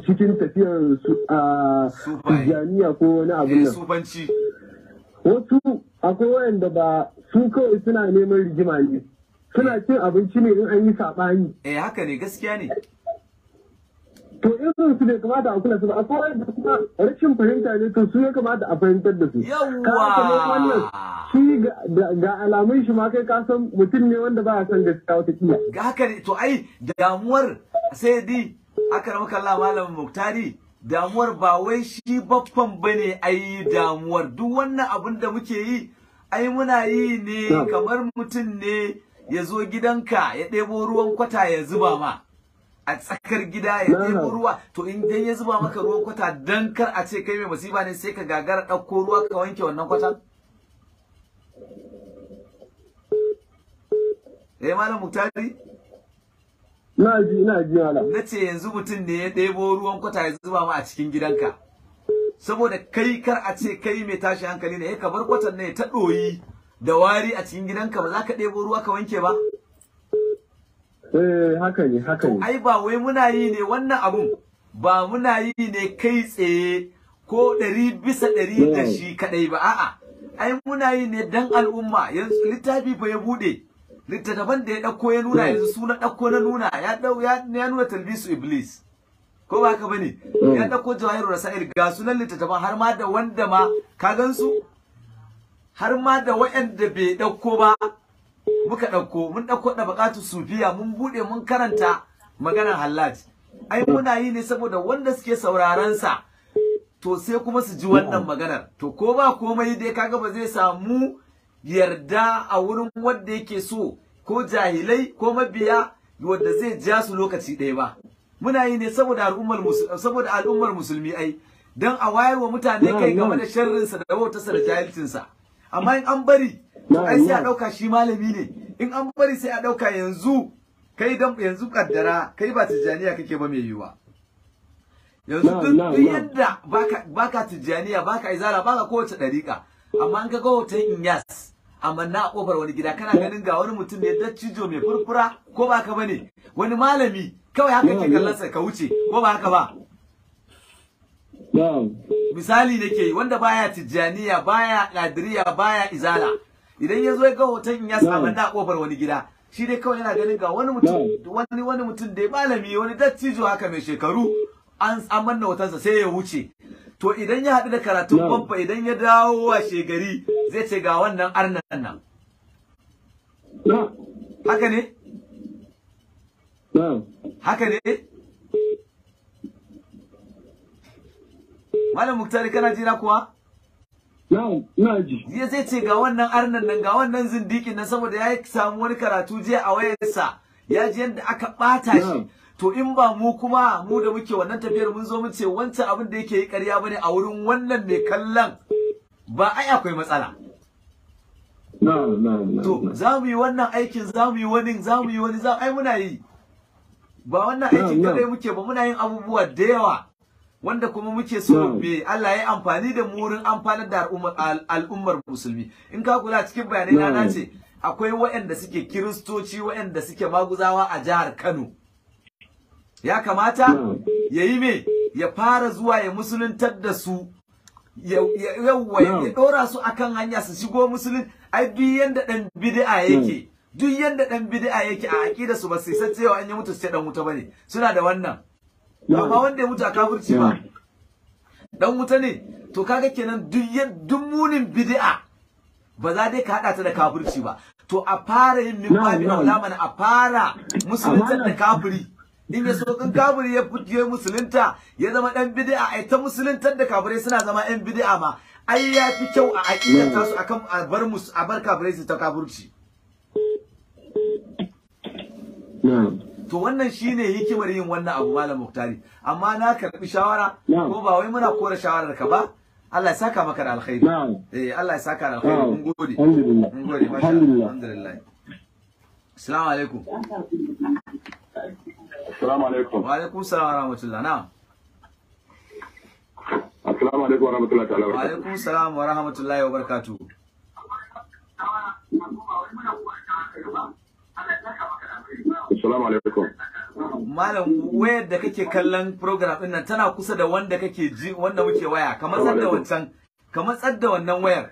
cikin tafiyar su a tijjaniya ko wani abin eh, nan wasu akwai wayanda ba su kawai suna neman rigima ne suna cin abinci ne in an yi saɓani. eh haka ne gaskiya ne to irin su bai kamata a kula su ba akwai da kuma rashin fahimta ne to su ya kamata a fahimtar da su yawwa shi ga alamun shi ma kai ka san mutum ne wanda ba ya san gaskiya wata kiyar. ga haka ne to ai damuwar sai di aka ramaka Allah malamin Muktari damuwar ba wai shi baffan bane ai damuwar duk wannan abin da muke yi ai muna yi ne kamar mutum ne ya zo gidanka ya ɗebo ruwan kwata ya zuba ma a tsakar gida ya ɗebo ruwa to in dai ya zuba maka ruwan kwata dan kar a ce kai mai musiba ne sai ka gagara ɗauko ruwa ka wanke wannan kwata. eh malam muktari Na ji ina ji ala. Na yanzu mutum ne ya ɗebo ruwan kwata ya zuba ma a cikin gidanka. Saboda kai kar a ce kai mai tashi hankali ne, eh, ka bar kwatan ne ta doyi da wari a cikin gidanka ba za ka ɗebo ruwa ka wanke ba. Eh haka ne haka ne. Ai ba wai muna yi ne wannan abun ba muna yi ne kai tsaye ko ɗari bisa ɗari da shi kaɗai ba a'a. Ai muna yi ne dan al'umma yanzu littafi fa ya buɗe. littattafan da ya ɗauko ya nuna yanzu su ɗauko na nuna ya nuna talbisu iblis ko ba ka bane mm. ya ɗauko jawahiru rasail ga sunan littattafan har ma da wanda ma ka gansu har ma da waɗanda bai ɗauko ba muka ɗauko mun ɗauko da buƙatu sufiya mun buɗe mun karanta maganar hallaj ai muna yi ne saboda wanda suke sauraron sa to sai kuma su ji wannan mm. maganar to ko ba komai dai kaga ba zai samu yarda a wurin wanda yake so ko jahilai ko mabiya wanda zai ja su lokaci ɗaya ba muna yi ne saboda al'ummar musulmi ai don a wayar wa mutane kai game da sharrinsa da wautarsa da jahilcinsa amma in an bari ai sai a dauka shi malami ne in an bari sai a ɗauka yanzu kai dan yanzu kaddara kai ba tijaniya kake ba mai yiwa yanzu duk yadda baka baka tijaniya baka izara baka kowace dariƙa amma an ga ga hoton yas. amma na kofar wani gida kana ganin ga wani mutum ne dattijo mai furfura ko ba ka bane wani malami kawai haka ke kallon sa ka wuce ko ba haka ba misali ke wanda baya tijjaniya baya kadiriya baya izala idan ya zo ya ga hoton ya samu na kofar wani gida shi dai kawai yana ganin ga wani mutum wani wani mutum da malami wani dattijo haka mai shekaru an an manna hotonsa sai ya wuce to idan ya haɗu da karatun famfa idan ya dawo wa shegari zai ce ga wannan arnan nan haka ne haka ne malam muktari kana jira kuwa Ya zai ce ga wannan arnan nan ga wannan zindikin nan saboda ya samu wani karatu jiya a wayarsa ya ji yadda aka ɓata shi to in ba mu kuma mu da muke wannan tafiyar mun zo mun ce wancan abin da yake yi ƙarya bane a wurin wannan mai kallon ba ai akwai matsala to za mu yi wannan aikin za mu yi wani za mu yi wani za ai muna yi ba wannan aikin kadai muke ba muna yin abubuwa da yawa wanda kuma muke so me Allah ya amfani da mu wurin amfanar da al'ummar musulmi in ka kula cikin bayanai na ce akwai waɗanda suke kiristoci waɗanda suke maguzawa a jihar Kano ya kamata hmm. ya yi me ya fara zuwa ya musuluntar da su yawwa ya hmm. ɗora su akan hanya su shigo musulun ai duk yadda ɗan bid'a hmm. yake duk yadda ɗan bid'a yake a aƙida su ba sai san cewa an yi mutu sai ɗan wuta bane suna da wannan amma wanda ya mutu a kafirci ba ɗan wuta ne to kaga kenan duk yadda munin bid'a ba za dai ka haɗa ta da kafirci ba to a fara yin min babi aula mana a fara musulun da kafiri din ya so kan kafiri ya fitiye musulunta ya zama dan bid'a ai ta musuluntar da kafirai suna zama ɗan bid'a ma ai ya fi kyau a aqidar ta su akan a bar musu a bar kafirai su ta kaburci. to wannan shine hikimar yin wannan abu malam muktari amma na karbi shawara ko ba wai muna kora shawarar ka ba Allah ya saka maka da alkhairi eh Allah ya saka da alkhairi mun gode mun gode masha Allah alhamdulillah assalamu alaikum Assalamu alaikum. Wa alaikum salam wa rahmatullah. Assalamu alaikum wa rahmatullahi ta'ala. Wa alaikum salam wa wa barakatuh. Assalamu alaikum. Malam wayar da kake kallon program ɗin nan tana kusa da wanda kake ji wanda muke waya kamar tsadda wancan kamar tsadda wannan wayar.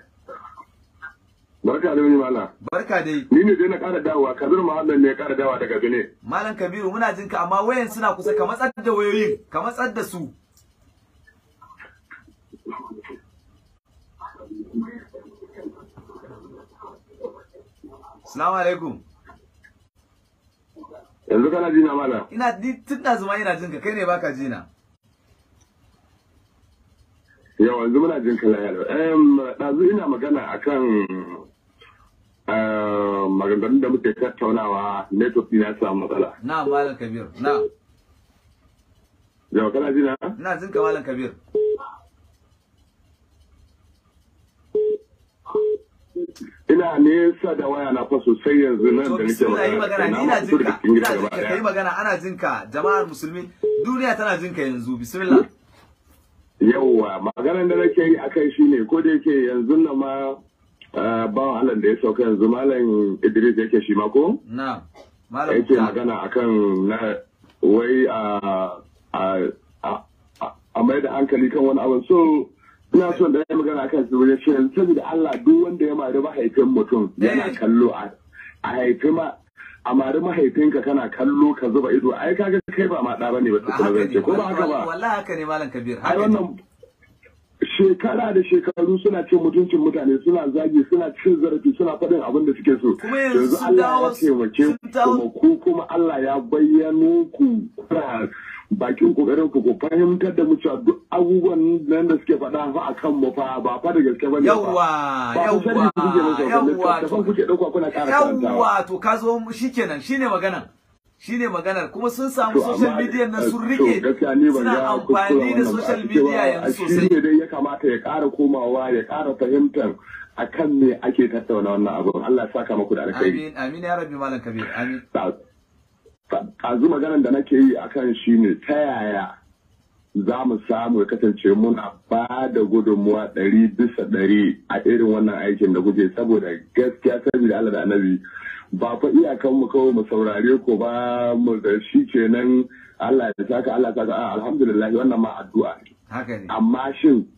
Barka da wani mala. Barka dai. Ni ne dai na ƙara dawowa, Kabir Muhammad ne ya ƙara dawowa daga Benin. Malam Kabiru muna jin ka amma wayan suna kusa ka matsar da wayoyin, ka matsar da su. Salamu alaikum. Yanzu kana ji na mala. Ina ni tun da zuma ina jin ka, kai ne baka ji na. Yawan zuma jin ka lafiya. Ɗazu ina magana akan Ah, maganganun da muke tattaunawa network ya samu matsala. Na Malam Kabir, na. Yau kana ji na? Ina jin ka Malam Kabir. Ina nesa da waya na fa sosai yanzu nan da nake magana. Ina jin ka, ina jin ka, yi magana ana jin ka jama'ar musulmi duniya tana jin ka yanzu bismillah. Yawwa maganar da nake yi akai shine ko da yake yanzu nan ma Eh, bawan Allah da ya sauka yanzu malam Idris yake shi mako? Na. Malam Yake magana akan na wai a mai da hankali kan wani abu so ina son da ya magana akan su wajen shirin saboda Allah duk wanda ya mari mahaifin mutum yana eh. kallo a haifi ma a mari mahaifinka kana kallo ka zuba ido ai kaga kai ba ma ɗa bane ba tukuna zance ko ba haka ba wallahi haka ne malam kabir haka ne shekara da shekaru suna cin mutuncin mutane suna zagi suna cin zarafi suna faɗin abin da suke so yanzu Allah ya taimake kuma ku kuma Allah ya bayyana ku bakin kokarin ku ku fahimtar da mutuwa duk abubuwan nan da suke faɗa fa akan mu fa ba fa da gaske bane yawa yawa yawwa to kuke kuna to ka zo shikenan shine maganan shine maganar kuma sun samu social media na sun rike suna amfani da social media yanzu sosai ne dai ya kamata ya ƙara komawa ya ƙara fahimtar akan me ake tattauna wannan abu Allah ya saka muku da alkhairi amin amin ya rabbi malam kabir amin kazu maganar da nake yi akan shine ta yaya za mu samu ya kasance muna ba da gudunmuwa ɗari bisa ɗari a irin wannan aikin da guje saboda gaskiya saboda Allah da annabi ba fa iyakan mu kawai mu saurare ko ba mu da shi kenan Allah ya saka Allah ya saka alhamdulillah wannan ma addu'a ne amma shin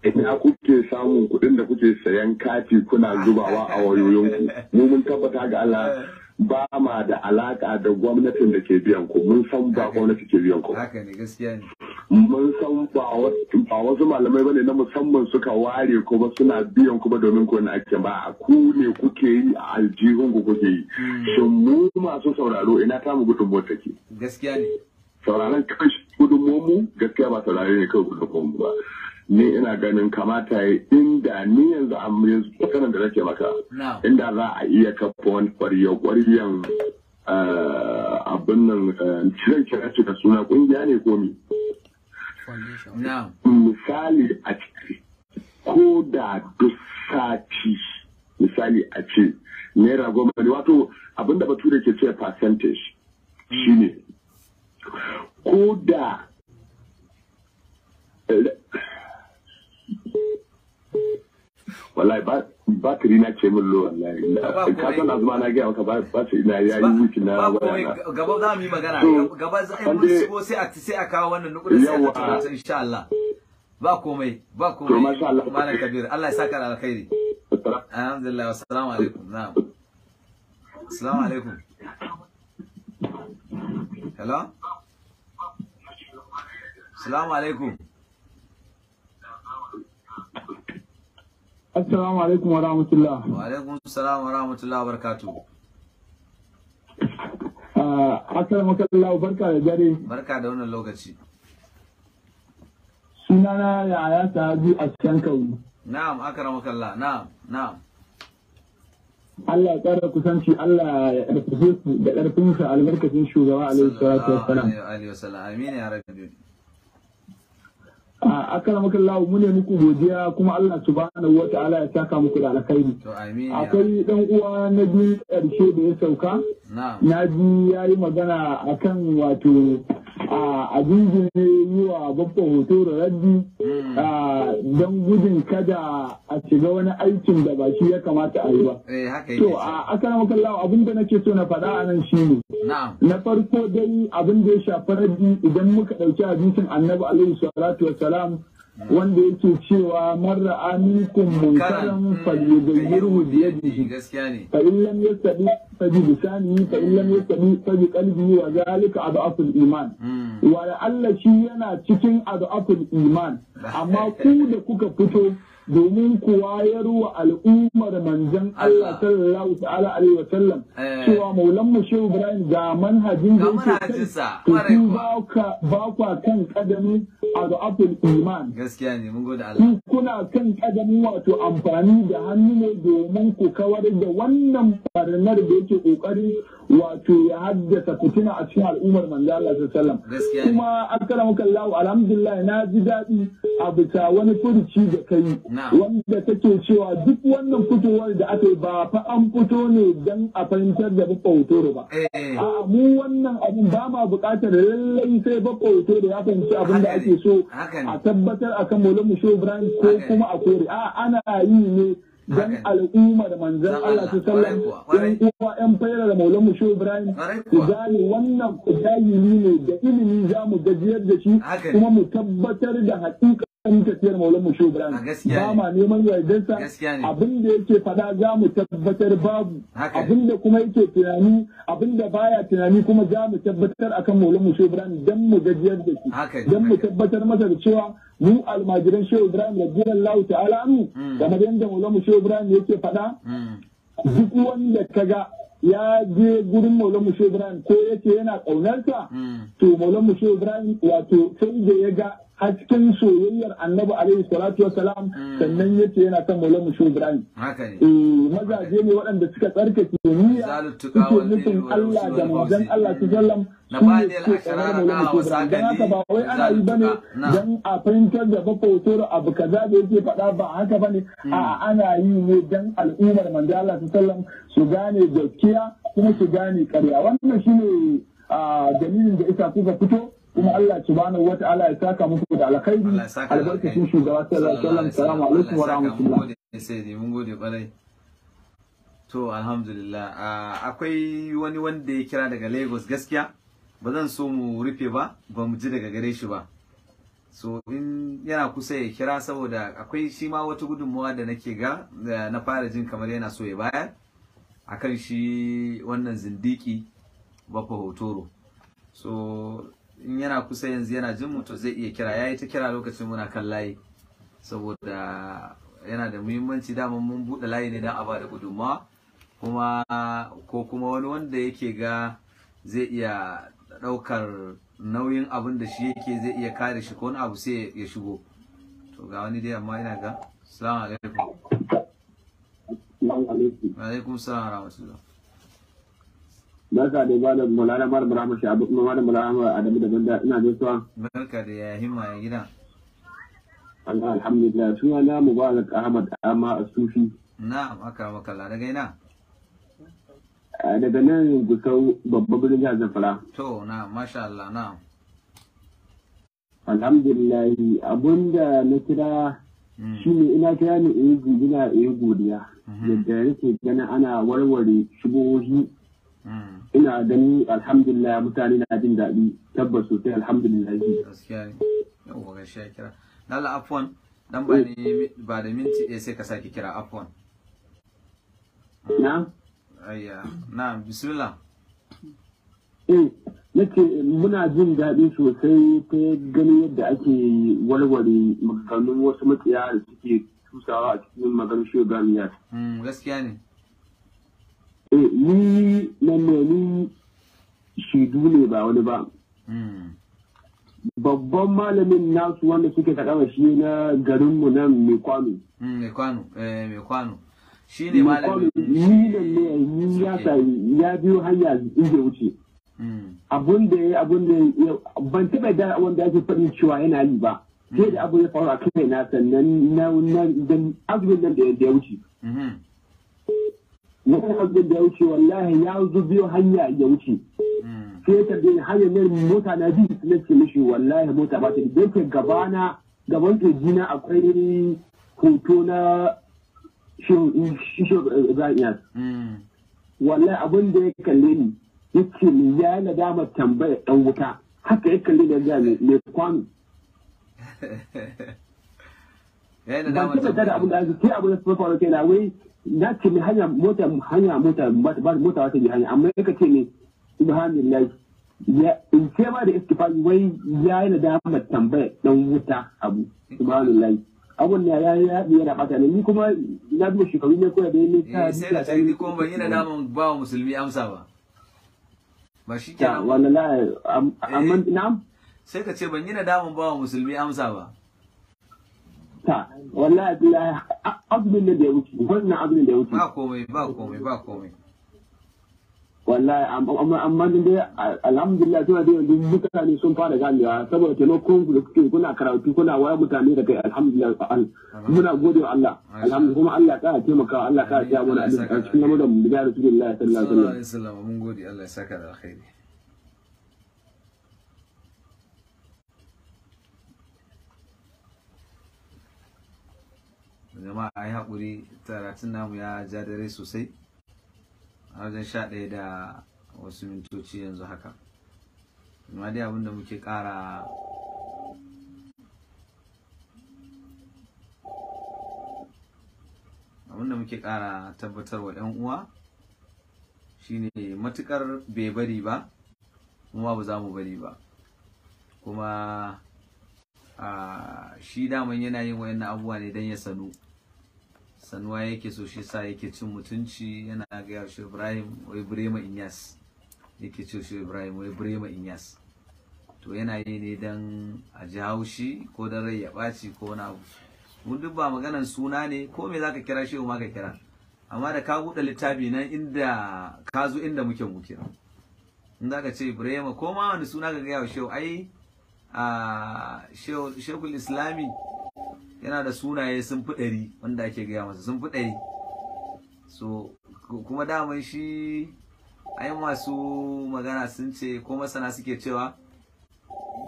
ina kuke samun kuɗin da kuke sayan kati kuna zubawa a wayoyinku mu mun tabbata ga Allah ba ma da alaka da gwamnatin da ke biyan ku mun san ba gwamnati ke biyan ku haka ne gaskiya ne mun san ba wasu malamai bane na musamman suka ware kuma suna biyan kuma domin ku wani ake ba ku ne kuke yi a aljihun ku kuke yi hmm. shin mu masu sauraro ina ta mu gudun mota ke gaskiya ne sauraron kashi gudun mu gaskiya ba saurare ne kai gudun mu ba ni ina ganin kamata ya inda ni yanzu a yanzu kanan da nake maka inda za a iya kafa wani kwariyar kwariyar eh, abin nan eh, cire kira da suna kungiya ne komi misali a ciki ko da duk sati misali a ce naira goma ne wato abinda bature ke ce percentage hmm. shine ko da eh, wallahi ba batiri na ce min lo wallahi ka san azuma na gaya maka batiri na ya yi wuce na waya gaba za mu yi magana gaba za mu shigo sai a sai a kawo wannan nukuri sai a tattauna insha Allah ba komai ba komai malam kabir Allah ya saka da alkhairi alhamdulillah assalamu alaikum na'am assalamu alaikum hello assalamu alaikum Assalamu alaikum wa rahmatullah. Wa alaikum salam wa rahmatullah wa barakatuh. Uh, Assalamu alaikum barka da dare. Barka da wannan lokaci. Sunana ya aya ta bi a cikin kawu. Na'am akramakallah na'am na'am. Allah ya ƙara kusanci Allah ya ƙarfafe su da ƙarfinsa albarkacin shugaba alaihi salatu wa salam. Alaihi wa sallam amin ya rabbi. akala maka lawo mu ne muku godiya kuma Allah subhanahu wa ta'ala ya saka muku da alkhairi akwai ɗan uwa na biyu karshe da ya sauka na ji yi magana akan wato a ya yi wa babba hoto da raddi hmm. don gudun kada a shiga wani aikin da ba shi ya kamata a yi ba. Eh, to a akan makallawa abin da nake so na faɗa a nan shi ne. Na farko dai abin da ya shafi raddi idan muka ɗauki abincin annabi alaihi salatu wa salam wanda yake cewa marra aminkum munkaran da bi yadihi gaskiya ne fa in lam yastadi fa bi lisanihi fa in wa zalika adaful iman mm. wa Allah shi yana cikin adaful iman amma ku da kuka fito domin kuwa ya ruwa al'ummar manzan Allah sallallahu ta'ala alaihi wa sallam eh. cewa maulan mu shehu Ibrahim ga manhajin da yake kan ba ba kwa kan kadami iman gaskiya ne mun kuna kan kadami wato amfani da hannu ne domin ku kawar da wannan barnar da yake kokari wato ya haddasa fitina a cikin al'ummar manzan Allah sallallahu alaihi wa sallam kuma akalamukallahu alhamdulillah na ji daɗi a bisa wani furuci da kai wanda take cewa duk wannan fitowar da aka yi ba fa an fito ne don a fahimtar da bakwautoro ba eh. a mu wannan abin ba ma buƙatar lallai sai bakwautoro ya fahimci abin da ake so a tabbatar a kan molamu Musho brand ko kuma a kore a ana yi ne dan al'ummar manzan Allah su sallan yan uwa yan fayar da maulan mu shehu Ibrahim ku wannan jahili ne da ilimi za gajiyar da shi kuma mu tabbatar da haƙiƙa tafiyar maulan mu shubra ba ma neman yardarsa abin da yake fada za mu tabbatar babu abin kuma yake tunani abinda da baya tunani kuma za mu tabbatar akan maulan mu shubra dan mu gajiyar da shi dan mu tabbatar masa da cewa mu almajiran shehu ibrahim radiyallahu ta'ala anhu hmm. kamar yanda maulan mu shehu ibrahim yake fada hmm. duk wanda kaga ya je gurin Maulan Mushe Ibrahim ko yake yana kaunarsa hmm. to Maulan Mushe Ibrahim wato sai da ya ga har cikin soyayyar annabi alaihi salatu wasalam hmm. sannan yace yana son maula mushu ibrahim eh mazaje ne waɗanda suka tsarkake niyya suke nufin Allah da manzon Allah sallam na badil ashrara na wasa haka ba wai ana yi bane dan a fahimtar da bafotor abu kaza da yake faɗa ba haka bane hmm. a ana yi ne dan al'ummar manzon Allah sallam su gane gaskiya kuma su gane ƙarya wannan shine ah, dalilin da isa kuka fito kuma Allah subhanahu wa ta'ala ya saka muku da alkhairi albarkacin shugaba sallallahu alaihi wasallam salamu alaikum wa rahmatullah sai ne mun gode kwarai to alhamdulillah ah, akwai wani wanda ya kira daga Lagos gaskiya ba zan so mu rufe ba ba mu ji daga gare shi ba so in yana kusa ya kira saboda akwai shi ma wata gudunmawa da nake ga na fara jin kamar yana so ya bayar akan shi wannan zindiki bafa hotoro so in yana kusa yanzu yana jin mu to zai iya kira yayi ta kira lokacin muna kan layi saboda yana da muhimmanci daman mun buɗe layi ne don a bada guduma kuma ko kuma wani wanda yake ga zai iya ɗaukar nauyin abin da shi yake zai iya kare shi ko wani abu sai ya shigo to ga wani dai amma ina ga assalamu alaikum alaikum wa rahmatullah barka da ba da mulana ba da shi abu kuma ma da mulana adamu da banda ina suwa barka da ya himma ya gida Allah alhamdulillah suna na mubarak ahmad amma sufi Na maka maka la daga ina eh, daga nan gusau babban birnin jihar zamfara to na masha Allah na alhamdulillah abinda na kira hmm. shi ne ina kira ne in yi gudina in yi godiya mhm. yadda yake ganin ana warware shigohi Mm. ina gani alhamdulillah mutane na jin daɗi tabbas sosai alhamdulillah gaskiya ne yau ga shi kira lalla afwan dan ba ne ba da minti ɗaya sai ka sake kira afwan na ayya na bismillah eh nake muna jin daɗi sosai ta gani yadda ake walwale maganganun wasu matsiya da suke tusawa a cikin maganar shugabiyar mm, gaskiya ne Eh, ni nan ne ni shaidu ne ba wani ba hmm. babban malamin nasu wanda suke kaɗawa shi na garinmu nan mai kwano mai hmm, kwano eh, mai kwano shi ne malamin ni nan ne ni ya ya biyo hanya inda wuce hmm. abun da ya abun da ban taba da wanda ake faɗin cewa yana yi ba sai da abu ya faru a kai na sannan na azumin nan da ya wuce wani abin da ya wuce wallahi ya zo biyo hanya ya wuce sai ta ne hanyar mai mota na biyu na ce mishi wallahi mota ba ta da ke gabana gaban kirjina akwai hoto na shisho zaniya wallahi abin da ya kalle ni ya ce ni ya yi nadama tambaya dan wuta haka ya kalle da gaya mai kwano ya yi da tambaya da abin da ya ce abin da suka faru kenan wai na ce mai hanya mota hanya mota ba mota wata ne hanya amma yaka ce ne subhanallah ya in ce ma da istifani wai ya yi damar tambaya dan wuta abu subhanallah abun ne ya ya yana bata ne ni kuma na duba shekaru ne ko da ne ta eh, sai da sai kuma ban na damar ba wa musulmi amsa ba ba shi ke wannan amma eh, na'am sai ka ce ban yi na damar ba wa musulmi amsa ba ta wallahi billahi azumin nan da ya wuce wannan azumin da ya wuce ba komai ba komai ba komai wallahi amma amma din dai alhamdulillah suna da yanzu mutane sun fara ganewa saboda taimakon ku da kuke kuna karatu kuna waya mutane da kai alhamdulillah muna gode wa Allah alhamdulillah kuma Allah ya taimaka Allah ya tsaya mana a cikin lamarin mu da rasulullahi sallallahu alaihi wasallam mun gode Allah ya saka da alkhairi jama'a a yi haƙuri taratun namu ya ja dare sosai a wajen sha ɗaya da wasu mintoci yanzu haka amma dai abinda muke ƙara abinda muke ƙara tabbatarwa 'yan uwa shine matuƙar bai bari ba kuma ba za mu bari ba kuma shi daman yana yin wayannan abubuwa ne don ya sanu sanuwa yake so shi sa yake cin mutunci yana gaya shi ibrahim wai brema inyas yake ce shi ibrahim wai brema inyas to yana yi ne don a ji haushi ko don rai ya ɓaci ko wani abu mun duk ba maganan suna ne ko me zaka kira shehu ma ka kira amma da ka buɗe littafi nan inda ka zo inda muke muke in zaka ce ibrahim ko ma wani suna ka gaya wa shehu ai a islami yana da sunaye sun fi ɗari wanda ake gaya masa sun fi ɗari so kuma daman shi ai masu magana sun ce ko masana suke cewa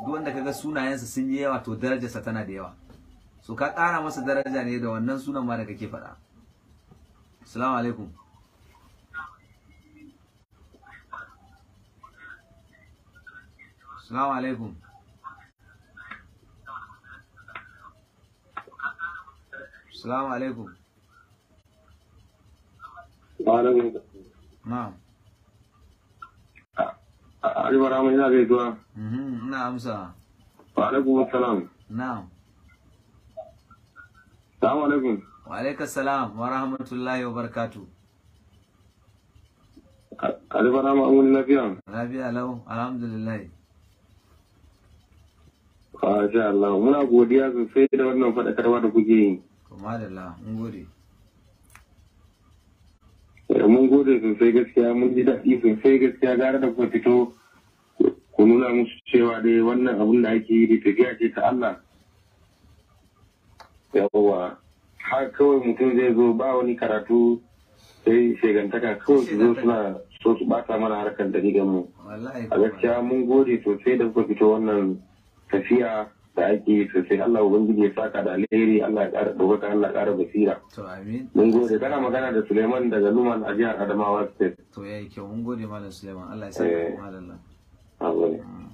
duk wanda kaga sunayensa sun yi yawa to darajarsa tana da yawa so ka ƙara masa daraja ne da wannan sunan ma da kake faɗa assalamu alaikum assalamu alaikum Salamu alaikum. Ina Wa alaikum salam. Na'am. Mhm, wa wa rahmatullahi wa barakatu. Alibara ma amun lafiya. Lafiya lau, alhamdulillah. Masha Allah, muna godiya sosai da wannan faɗakarwa da kuke yi. to madalla mun gode eh, mun gode sosai gaskiya mun ji daɗi sosai gaskiya gara da kuma fito ku nuna musu cewa dai wannan abun da ake yi tafiya ce ta Allah yawwa har kawai mutum zai zo ba wani karatu sai shegantaka kawai su zo suna so su bata mana harkar da mu a gaskiya mun gode sosai da kuka fito wannan tafiya da ake yi sosai Allah ubangiji ya saka da alheri Allah ya kara ɗaukaka Allah ya kara basira. To amin. Mun gode kana magana da Suleiman daga Luman a jihar Adamawa State. To yayi kyau mun gode Malam Suleiman Allah ya saka kuma eh. da Allah. Amin. Mm.